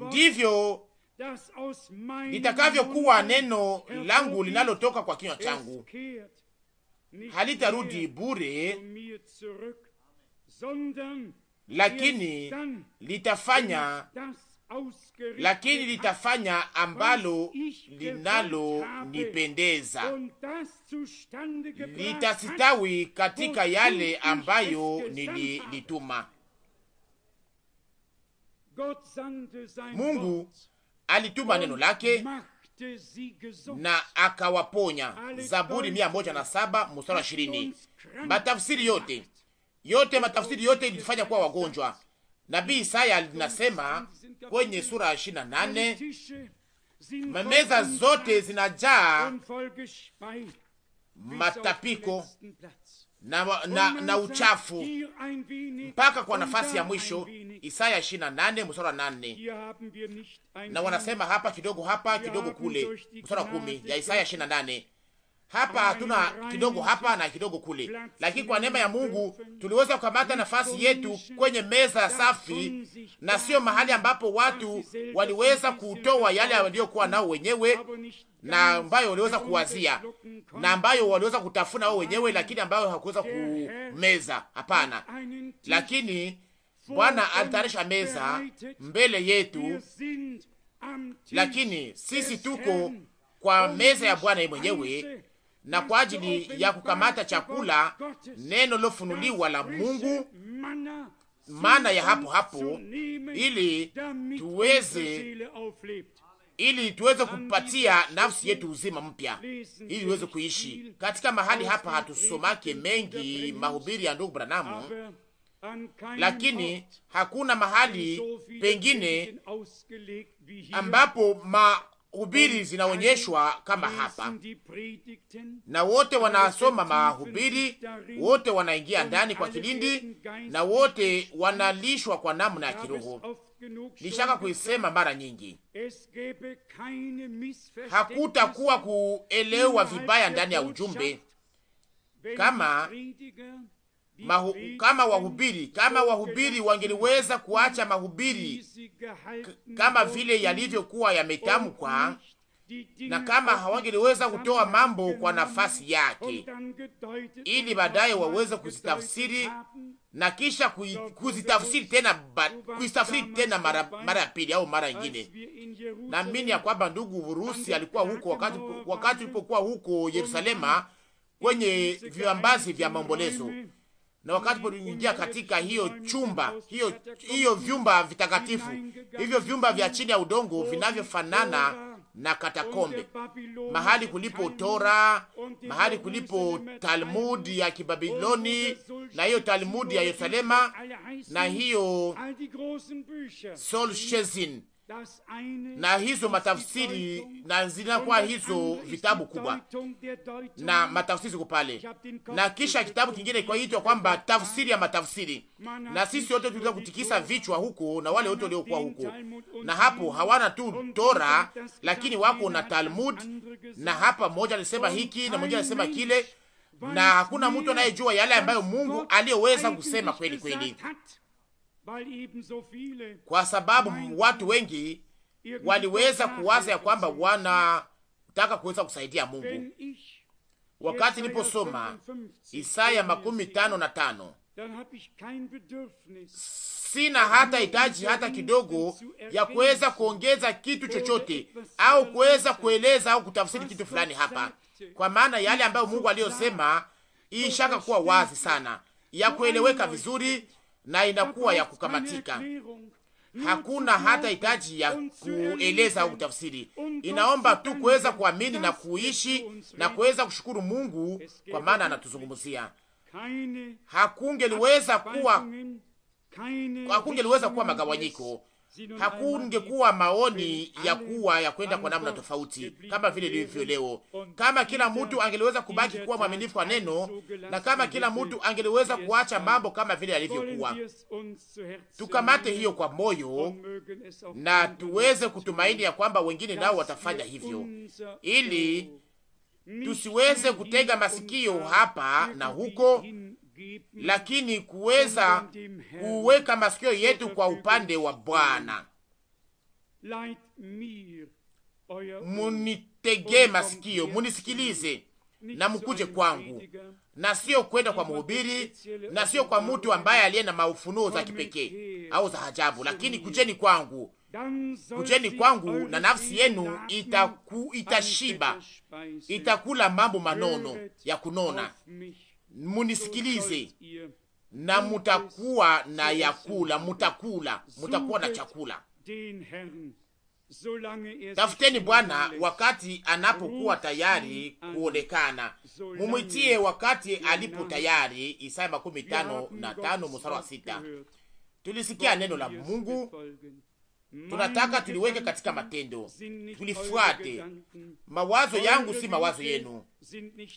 Ndivyo litakavyokuwa neno langu linalotoka kwa kinywa changu, halitarudi bure, lakini litafanya lakini litafanya ambalo linalonipendeza, litasitawi katika yale ambayo nililituma. Mungu alituma neno lake na akawaponya. Zaburi mia moja na saba mstari wa ishirini. Matafsiri yote yote matafsiri yote ilifanya kuwa wagonjwa Nabii Isaya linasema kwenye sura ya ishirini na nane mameza zote zinajaa matapiko na, na, na uchafu mpaka kwa nafasi ya mwisho. Isaya nane mstari nane Na wanasema hapa kidogo, hapa kidogo, kule mstari kumi ya Isaya nane hapa hatuna kidogo hapa na kidogo kule, lakini kwa neema ya Mungu tuliweza kukamata nafasi yetu kwenye meza safi, na sio mahali ambapo watu waliweza kutoa yale waliokuwa nao wenyewe na ambayo waliweza kuwazia na ambayo waliweza kutafuna wao wenyewe, lakini ambayo hakuweza kumeza. Hapana, lakini Bwana alitayarisha meza mbele yetu, lakini sisi tuko kwa oh, meza ya Bwana mwenyewe na kwa ajili ya kukamata chakula, neno lofunuliwa la Mungu, mana ya hapo hapo, ili tuweze ili tuweze kupatia nafsi yetu uzima mpya, ili tuweze kuishi katika mahali hapa. Hatusomake mengi mahubiri ya ndugu Branamu, lakini hakuna mahali pengine ambapo ma hubiri zinaonyeshwa kama hapa, na wote wanasoma mahubiri, wote wanaingia ndani kwa kilindi, na wote wanalishwa kwa namna ya kiroho. Nishaka kuisema mara nyingi, hakutakuwa kuelewa vibaya ndani ya ujumbe kama mahu, kama wahubiri kama wahubiri wangeliweza kuacha mahubiri kama vile yalivyokuwa yametamkwa na kama hawangeliweza kutoa mambo kwa nafasi yake, ili baadaye waweze kuzitafsiri na kisha kuzitafsiri tena, kuzitafsiri tena mara mara ya pili au mara ingine. Naamini ya kwamba ndugu Vurusi alikuwa huko wakati wakati ulipokuwa huko Yerusalema kwenye viambazi vya maombolezo na wakati poliingia katika hiyo chumba hiyo hiyo vyumba vitakatifu hivyo vyumba vya chini ya udongo vinavyofanana na katakombe, mahali kulipo Tora, mahali kulipo talmud ya Kibabiloni na hiyo talmud ya Yerusalema na hiyo Solshezin na hizo matafsiri na zinakuwa hizo vitabu kubwa na matafsiri ziko pale, na kisha kitabu kingine kwaitwa kwamba tafsiri ya matafsiri. Na sisi wote tuliweza kutikisa vichwa huko na wale wote waliokuwa huko, na hapo hawana tu Tora, lakini wako na Talmud, na hapa mmoja alisema hiki na mmoja alisema kile, na hakuna mtu anayejua yale ambayo Mungu aliyoweza kusema kweli kweli kwa sababu watu wengi waliweza kuwaza ya kwamba wanataka kuweza kusaidia Mungu. Wakati niliposoma Isaya makumi tano na tano sina hata hitaji hata kidogo ya kuweza kuongeza kitu chochote au kuweza kueleza au kutafsiri kitu fulani hapa, kwa maana yale ambayo Mungu aliyosema ishaka kuwa wazi sana ya kueleweka vizuri na inakuwa ya kukamatika. Hakuna hata hitaji ya kueleza au kutafsiri, inaomba tu kuweza kuamini na kuishi na kuweza kushukuru Mungu kwa maana anatuzungumzia. Hakungeliweza kuwa, hakungeliweza kuwa magawanyiko hakungekuwa maoni ya kuwa ya kwenda kwa namna tofauti kama vile ilivyo leo. Kama kila mtu angeliweza kubaki kuwa mwaminifu kwa neno na kama kila mtu angeliweza kuacha mambo kama vile yalivyokuwa. Tukamate hiyo kwa moyo na tuweze kutumaini ya kwamba wengine nao watafanya hivyo, ili tusiweze kutega masikio hapa na huko lakini kuweza kuweka masikio yetu kwa upande wa Bwana. Munitegee masikio, munisikilize na mukuje kwangu, na sio kwenda kwa mhubiri, na sio kwa mtu ambaye aliye na maufunuo za kipekee au za ajabu, lakini kujeni kwangu, kujeni kwangu, na nafsi yenu itaku, itashiba, itakula mambo manono ya kunona munisikilize na mutakuwa na yakula, mutakula, mutakuwa na chakula. Er Tafuteni Bwana wakati anapokuwa tayari kuonekana, mumwitie wakati alipo tayari. Isaya makumi tano na tano mstari wa sita. Tulisikia neno la Mungu tunataka tuliweke katika matendo, tulifuate. Mawazo yangu si mawazo yenu,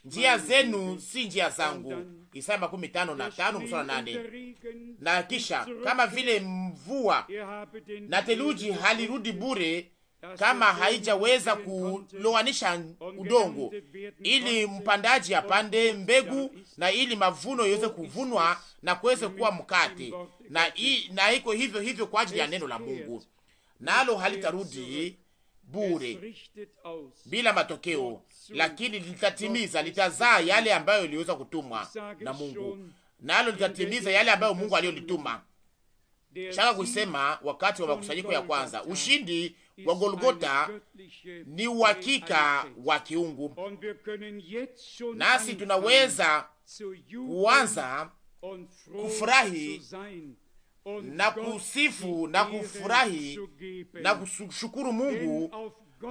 njia zenu si njia zangu. Isaya makumi tano na tano mstari nane. Na kisha kama vile mvua na theluji halirudi bure kama haijaweza kulowanisha udongo, ili mpandaji apande mbegu na ili mavuno iweze kuvunwa na kuweze kuwa mkate na, na iko hivyo hivyo kwa ajili ya neno la Mungu nalo halitarudi bure bila matokeo, lakini litatimiza, litazaa yale ambayo iliweza kutumwa na Mungu, nalo litatimiza yale ambayo Mungu aliyolituma. Shaka kusema wakati wa makusanyiko ya kwanza, ushindi wa Golgota ni uhakika wa kiungu, nasi tunaweza kuanza kufurahi na kusifu na kufurahi na kushukuru Mungu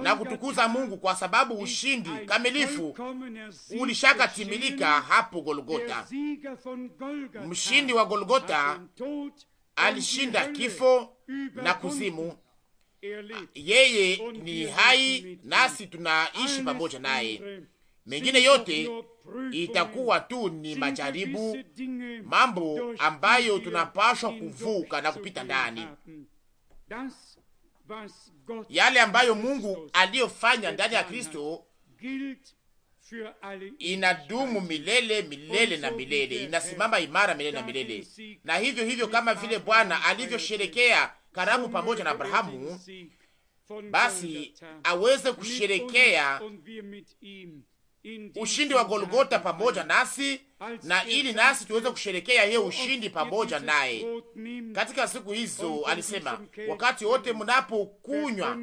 na kutukuza Mungu kwa sababu ushindi kamilifu ulishaka timilika hapo Golgota. Mshindi wa Golgota alishinda kifo na kuzimu. Yeye ni hai nasi tunaishi pamoja naye mengine yote itakuwa tu ni majaribu, mambo ambayo tunapashwa kuvuka na kupita ndani yale ambayo Mungu aliyofanya ndani ya Kristo inadumu milele milele na milele, inasimama imara milele na milele. Na hivyo hivyo, kama vile Bwana alivyosherekea karamu pamoja na Abrahamu, er basi aweze kusherekea ushindi wa Golgota pamoja nasi, na ili nasi tuweze kusherekea hiyo ushindi pamoja naye katika siku hizo. Alisema, wakati wote mnapokunywa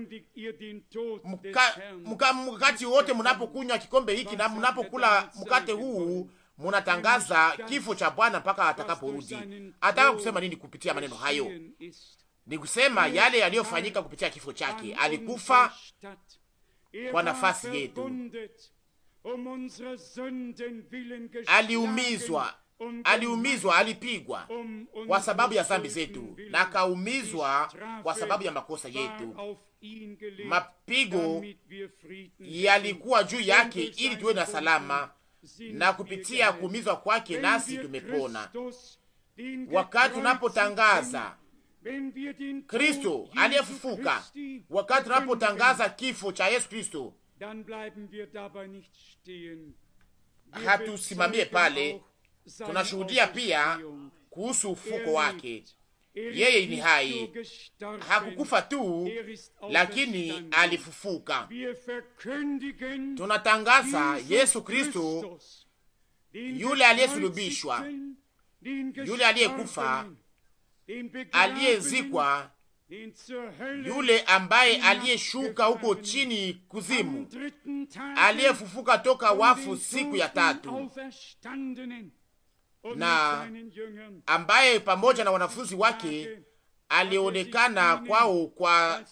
mka, wakati wote mnapokunywa kikombe hiki na mnapokula mkate huu munatangaza kifo cha Bwana mpaka atakaporudi. Ataka kusema nini kupitia maneno hayo? Ni kusema yale yaliyofanyika kupitia kifo chake. Alikufa kwa nafasi yetu Um aliumizwa, aliumizwa, alipigwa um kwa sababu ya zambi zetu, na akaumizwa kwa sababu ya makosa yetu. Mapigo yalikuwa juu yake ili tuwe na salama, na kupitia kuumizwa kwake nasi tumepona. Wakati unapotangaza Kristo aliyefufuka, wakati unapotangaza kifo cha Yesu Kristo hatusimamie pale. Tunashuhudia pia kuhusu er ufuko wake. Er Yeye ni hai, hakukufa tu, er lakini alifufuka. Tunatangaza Yesu Kristo, yule aliyesulubishwa, yule aliyekufa, aliyezikwa yule ambaye aliyeshuka huko chini kuzimu, aliyefufuka toka wafu siku ya tatu, na ambaye pamoja na wanafunzi wake alionekana kwao kwa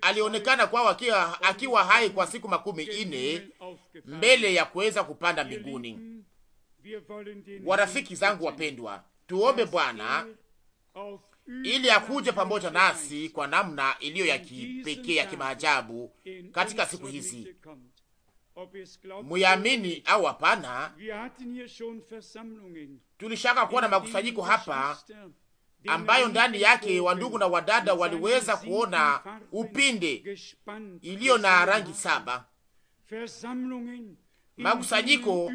alionekana kwao akiwa, akiwa hai kwa siku makumi ine mbele ya kuweza kupanda mbinguni. Warafiki zangu wapendwa, tuombe Bwana ili akuje pamoja nasi kwa namna iliyo ya kipekee ya kimaajabu katika siku hizi, muyamini au hapana. Tulishaka kuona makusanyiko hapa ambayo ndani yake wandugu na wadada waliweza kuona upinde iliyo na rangi saba, makusanyiko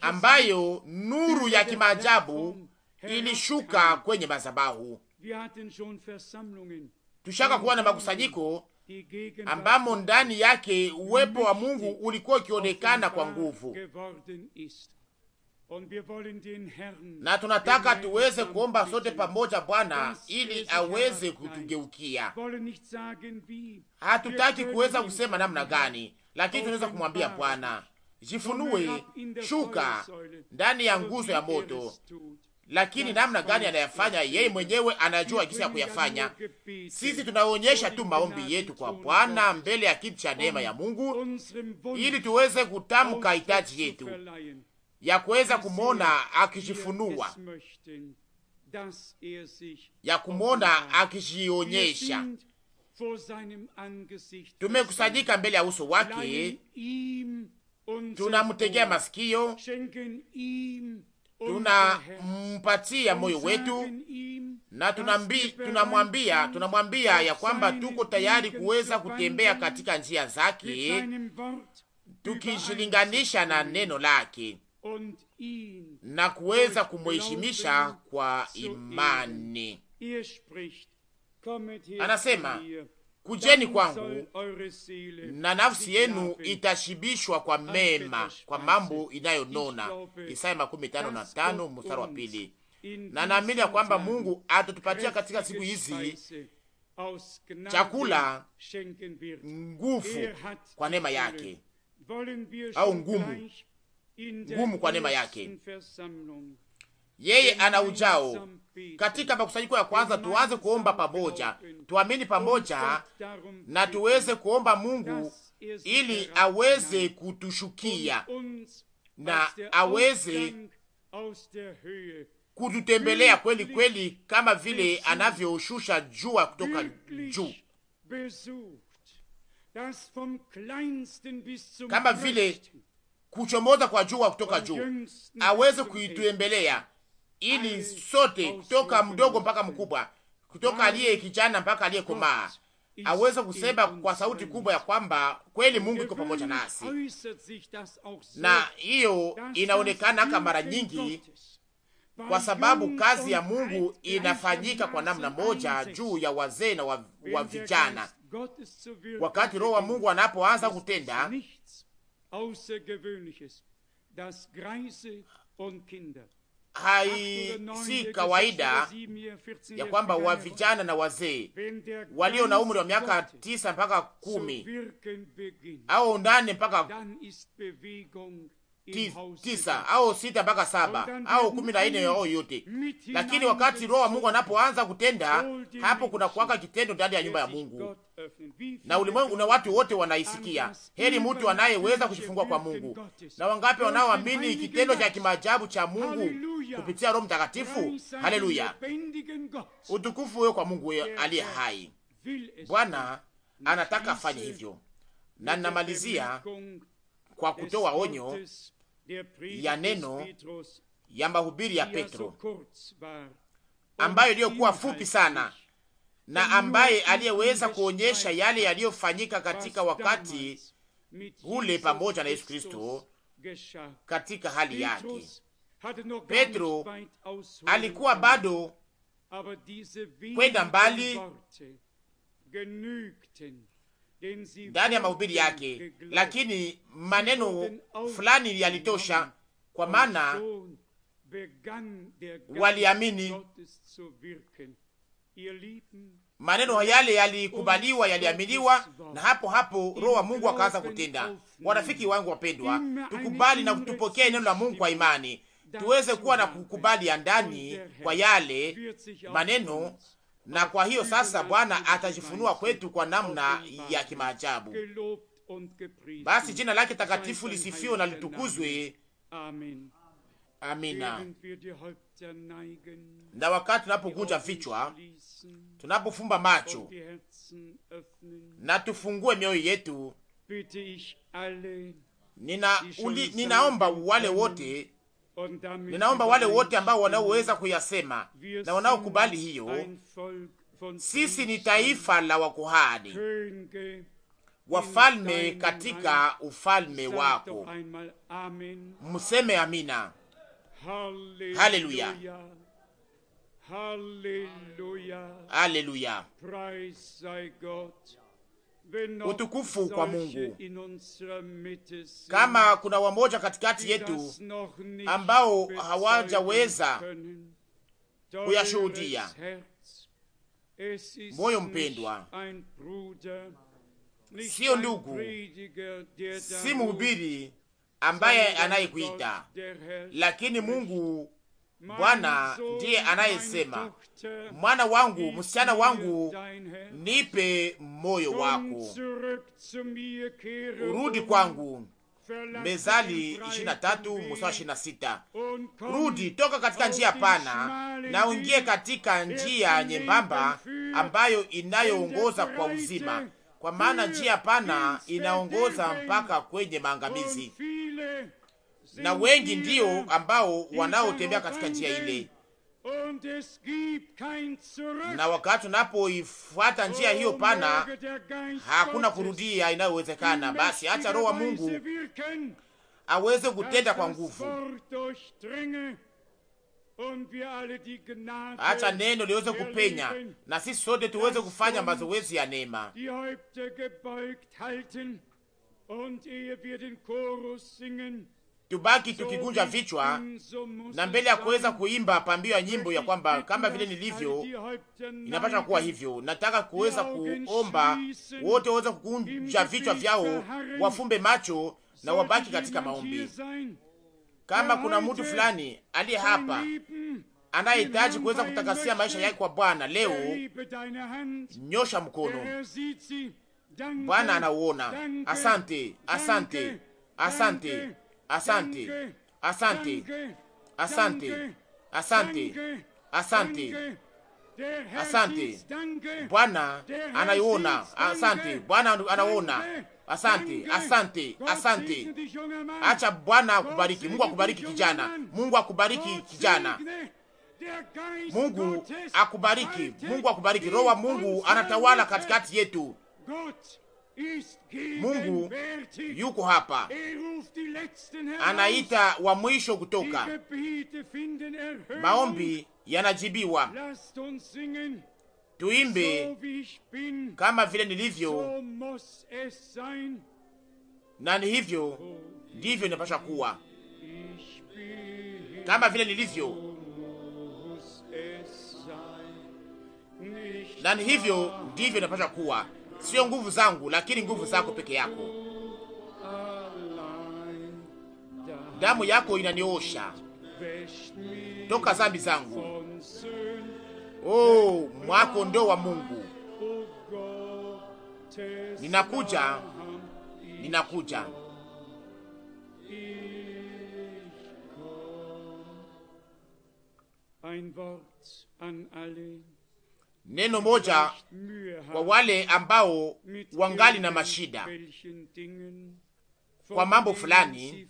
ambayo nuru ya kimaajabu ilishuka kwenye mazabahu Tushaka kuwa na makusanyiko ambamo ndani yake uwepo wa Mungu ulikuwa ukionekana kwa nguvu, na tunataka tuweze kuomba sote pamoja Bwana ili aweze kutugeukia. Hatutaki kuweza kusema namna gani, lakini tunaweza kumwambia Bwana, jifunue, shuka ndani ya nguzo ya er moto, lakini namna gani anayafanya yeye mwenyewe anajua jinsi ya kuyafanya. Sisi tunaonyesha tu maombi yetu kwa Bwana mbele ya kiti cha neema ya Mungu, ili tuweze kutamka hitaji yetu ya kuweza kumwona akijifunua, ya kumwona akijionyesha. Tumekusanyika mbele ya uso wake, tunamtegea masikio tunampatia moyo wetu na tunamwambia tunamwambia ya kwamba tuko tayari kuweza kutembea katika njia zake, tukijilinganisha na neno lake na kuweza kumheshimisha kwa imani. Anasema, Kujeni kwangu na nafsi yenu itashibishwa kwa mema, kwa mambo inayonona. Isaya makumi tano na tano mstari wa pili. Na naamini ya kwamba Mungu atatupatia katika siku hizi chakula nguvu er kwa neema yake, au ngumu ngumu kwa neema yake yeye ana ujao. Katika makusanyiko ya kwanza, tuanze kuomba pamoja, tuamini pamoja na tuweze kuomba Mungu ili aweze kutushukia na aweze kututembelea kweli kweli, kama vile anavyoshusha jua kutoka juu, kama vile kuchomoza kwa jua kutoka juu, aweze kuitembelea ili sote kutoka mdogo mpaka mkubwa, kutoka aliye kijana mpaka komaa aweze kusema kwa sauti kubwa ya kwamba kweli Mungu iko pamoja nasi, na hiyo inaonekana kama mara nyingi, kwa sababu kazi ya Mungu inafanyika kwa namna moja juu ya wazee na wa, wa vijana. Wakati Roho wa Mungu anapoanza kutenda, hai si kawaida ya kwamba wa vijana na wazee walio na umri wa miaka tisa mpaka kumi au nane mpaka tisa au sita mpaka saba au kumi na nne yao yote. Lakini wakati Roho wa Mungu anapoanza kutenda, hapo kuna kuwaka kitendo ndani ya nyumba ya Mungu na ulimwengu na watu wote wanaisikia. Heri mtu anayeweza kujifungua kwa Mungu. Na wangapi wanaoamini kitendo cha kimaajabu cha Mungu kupitia Roho Mtakatifu? Haleluya, utukufu wewe kwa Mungu aliye hai. Bwana anataka afanye hivyo, na ninamalizia kwa kutoa onyo ya neno ya mahubiri ya Petro ambayo iliyokuwa fupi sana na ambaye aliyeweza kuonyesha yale yaliyofanyika katika wakati ule pamoja na Yesu Kristo katika hali yake. Petro alikuwa bado kwenda mbali ndani ya mahubiri yake, lakini maneno fulani yalitosha, kwa maana waliamini maneno yale yalikubaliwa, yaliaminiwa na hapo hapo Roho wa Mungu akaanza kutenda. Warafiki wangu wapendwa, tukubali na tupokee neno la Mungu kwa imani, tuweze kuwa na kukubali ya ndani kwa yale maneno na kwa hiyo sasa Bwana atajifunua kwetu kwa namna ya kimaajabu. Basi jina lake takatifu lisifiwe na litukuzwe. Amina. Na wakati tunapokunja vichwa, tunapofumba macho na tufungue mioyo yetu, ninaomba nina wale wote Ninaomba wale wote ambao wanaoweza kuyasema na wanaokubali hiyo, sisi ni taifa la wakuhani, wafalme katika ufalme wako. Mseme amina. Haleluya, haleluya, haleluya. Utukufu kwa Mungu. Kama kuna wamoja katikati yetu ambao hawajaweza kuyashuhudia, moyo mpendwa, siyo ndugu, si mhubiri ambaye anayekuita, lakini Mungu Bwana ndiye anayesema, mwana wangu, msichana wangu, nipe moyo wako, urudi kwangu. Mezali 23 mstari 26. Rudi toka katika njia pana na uingie katika njia nyembamba ambayo inayoongoza kwa uzima, kwa maana njia pana inaongoza mpaka kwenye maangamizi na wengi ndio ambao wanaotembea katika njia ile, na wakati unapoifuata njia hiyo pana, hakuna kurudia inayowezekana. Basi acha Roho wa Mungu aweze kutenda kwa nguvu, acha neno liweze kupenya na sisi sote tuweze kufanya mazoezi ya neema tubaki tukigunja vichwa na mbele ya kuweza kuimba pambio ya nyimbo ya kwamba kama vile nilivyo inapasha kuwa hivyo. Nataka kuweza kuomba wote waweze kugunja vichwa vyao, wafumbe macho na wabaki katika maombi. Kama kuna mtu fulani aliye hapa anayehitaji kuweza kutakasia maisha yake kwa Bwana leo, nyosha mkono. Bwana anauona. Asante, asante, asante. Asante, asante, asante, asante, asante, asante. Bwana anaiona. Asante, Bwana anaona. Asante, asante, asante. Acha Bwana akubariki. Mungu akubariki kijana. Mungu akubariki kijana. Mungu akubariki. Mungu akubariki. Roho wa Mungu anatawala katikati yetu. Mungu yuko hapa, er anaita wa mwisho kutoka. Maombi yanajibiwa. Tuimbe kama vile nilivyo, na ni hivyo ndivyo inapasha kuwa. Kama vile nilivyo, na ni hivyo ndivyo inapasha kuwa sio nguvu zangu, lakini nguvu zako peke yako. Damu yako inaniosha toka zambi zangu. Oh, mwako ndo wa Mungu, ninakuja, ninakuja. Ein Wort an alle neno moja kwa wale ambao wangali na mashida kwa mambo fulani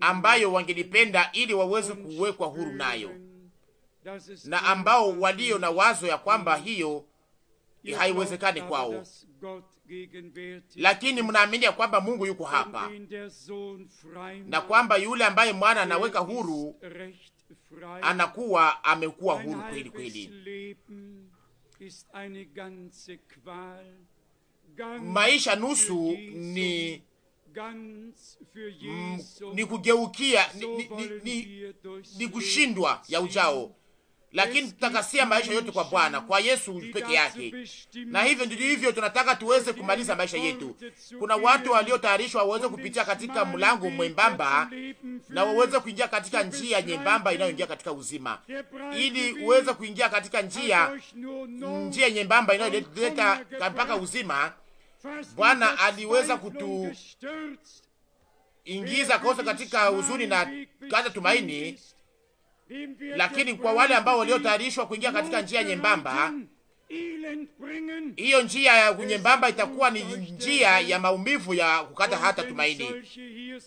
ambayo wangelipenda ili waweze kuwekwa huru nayo, na ambao walio na wazo ya kwamba hiyo haiwezekani kwao, lakini mnaamini ya kwamba Mungu yuko hapa na kwamba yule ambaye mwana anaweka huru anakuwa amekuwa huru kweli kweli. Maisha nusu ni ni kugeukia ni, ni, ni, ni kushindwa ya ujao lakini tutakasia maisha yote kwa Bwana, kwa Yesu peke yake. Na hivyo ndivyo hivyo tunataka tuweze kumaliza maisha yetu. Kuna watu waliotayarishwa waweze kupitia katika mlango mwembamba na waweze kuingia katika njia nyembamba inayoingia katika uzima, ili uweze kuingia katika njia njia nyembamba inayoleta mpaka uzima. Bwana aliweza kutu ingiza kosa katika huzuni na kata tumaini lakini kwa wale ambao waliotayarishwa kuingia katika njia nyembamba, hiyo njia ya nyembamba itakuwa ni njia ya maumivu ya kukata hata tumaini.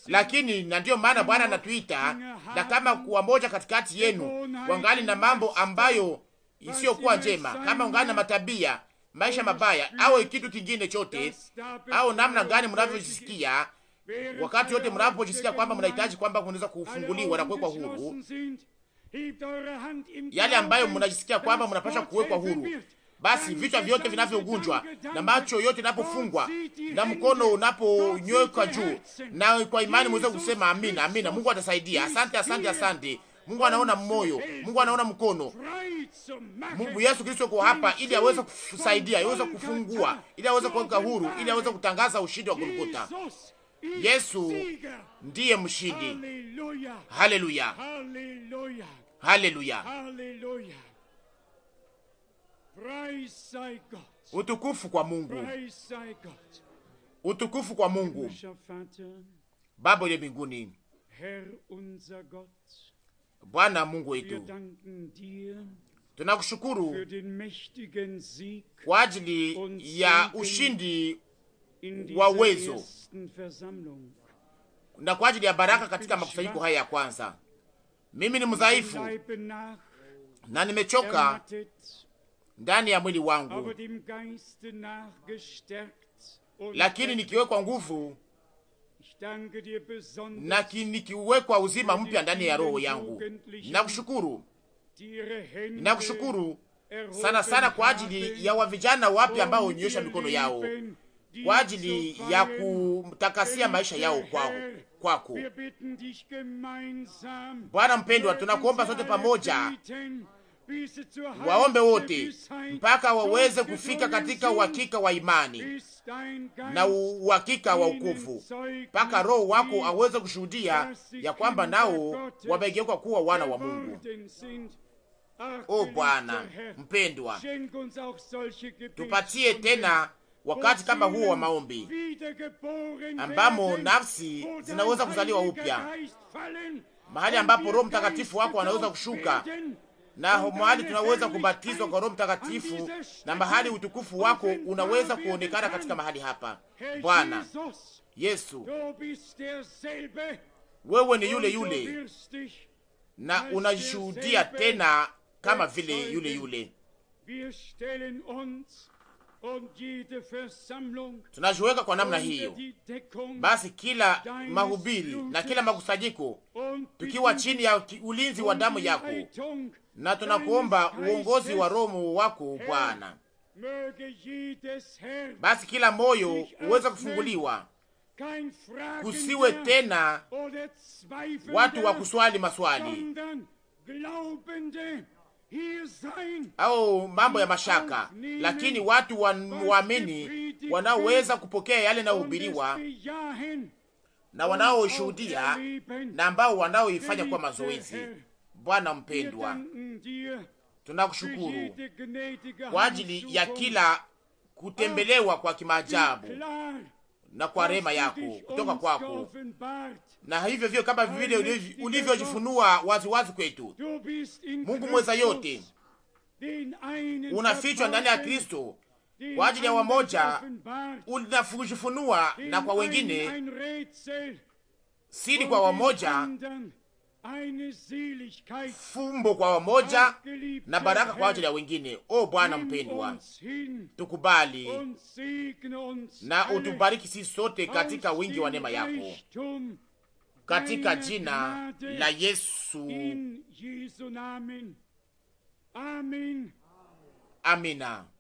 Lakini na ndiyo maana Bwana anatuita, na kama kuwa moja katikati yenu wangali na mambo ambayo isiyokuwa njema, kama ungali na matabia maisha mabaya au kitu kingine chote, au namna gani mnavyojisikia wakati yote mnapojisikia kwamba mnahitaji kwamba kunaweza kufunguliwa na kuwekwa huru yale ambayo mnajisikia kwamba mnapasha kuwekwa huru, basi vichwa vyote vinavyogunjwa na macho yote inapofungwa na mkono unaponywekwa juu, na kwa imani mweze kusema amina, amina. Mungu atasaidia. Asante, asante, asante. Mungu anaona moyo, Mungu anaona mkono. Mungu Yesu Kristo yuko hapa ili aweze kusaidia, aweze kufungua, ili aweze kuweka huru, ili aweze kutangaza ushindi wa Golgotha. Yesu ndiye mshindi. Haleluya, haleluya, utukufu kwa Mungu, utukufu kwa Mungu Baba ya mbinguni, Bwana Mungu wetu, tunakushukuru kwa ajili ya ushindi wa uwezo na kwa ajili ya baraka katika makusanyiko haya ya kwanza. Mimi ni mdhaifu na nimechoka ndani ya mwili wangu, lakini nikiwekwa nguvu na nikiwekwa uzima mpya ndani ya roho yangu, nakushukuru, nakushukuru sana sana kwa ajili ya wavijana wapya ambao unyosha mikono yao kwa ajili ya kutakasia maisha yao kwako. Bwana mpendwa, tunakuomba sote pamoja waombe wote mpaka waweze kufika katika uhakika wa imani na uhakika wa wokovu, mpaka Roho wako aweze kushuhudia ya kwamba nao wamegeuka kuwa wana wa Mungu. O Bwana mpendwa, tupatie tena wakati kama huo wa maombi, ambamo nafsi zinaweza kuzaliwa upya, mahali ambapo Roho Mtakatifu wako anaweza kushuka na mahali tunaweza kubatizwa kwa Roho Mtakatifu na mahali utukufu wako unaweza kuonekana katika mahali hapa. Bwana Yesu, wewe ni yule yule na unashuhudia tena kama vile yule yule tunajiweka kwa namna hiyo, basi kila mahubiri na kila makusanyiko tukiwa chini ya ulinzi wa damu yako, na tunakuomba uongozi wa Roho wako Bwana. Basi kila moyo uweze kufunguliwa, kusiwe tena watu wa kuswali maswali au mambo ya mashaka, lakini watu waamini wanaoweza kupokea yale yanayohubiriwa na wanaoshuhudia na ambao wanaoifanya kuwa mazoezi. Bwana mpendwa, tunakushukuru kwa ajili ya kila kutembelewa kwa kimaajabu na kwa rehema yako kutoka kwako, na hivyo vyo kama vile ulivyojifunua waziwazi kwetu. Mungu mweza yote, unafichwa ndani ya Kristo kwa ajili ya wamoja, unajifunua na kwa wengine, siri kwa wamoja fumbo kwa wamoja na baraka kwa ajili ya wengine. O Bwana mpendwa, tukubali na utubariki sisi sote katika wingi wa neema yako, katika jina la Yesu, amina.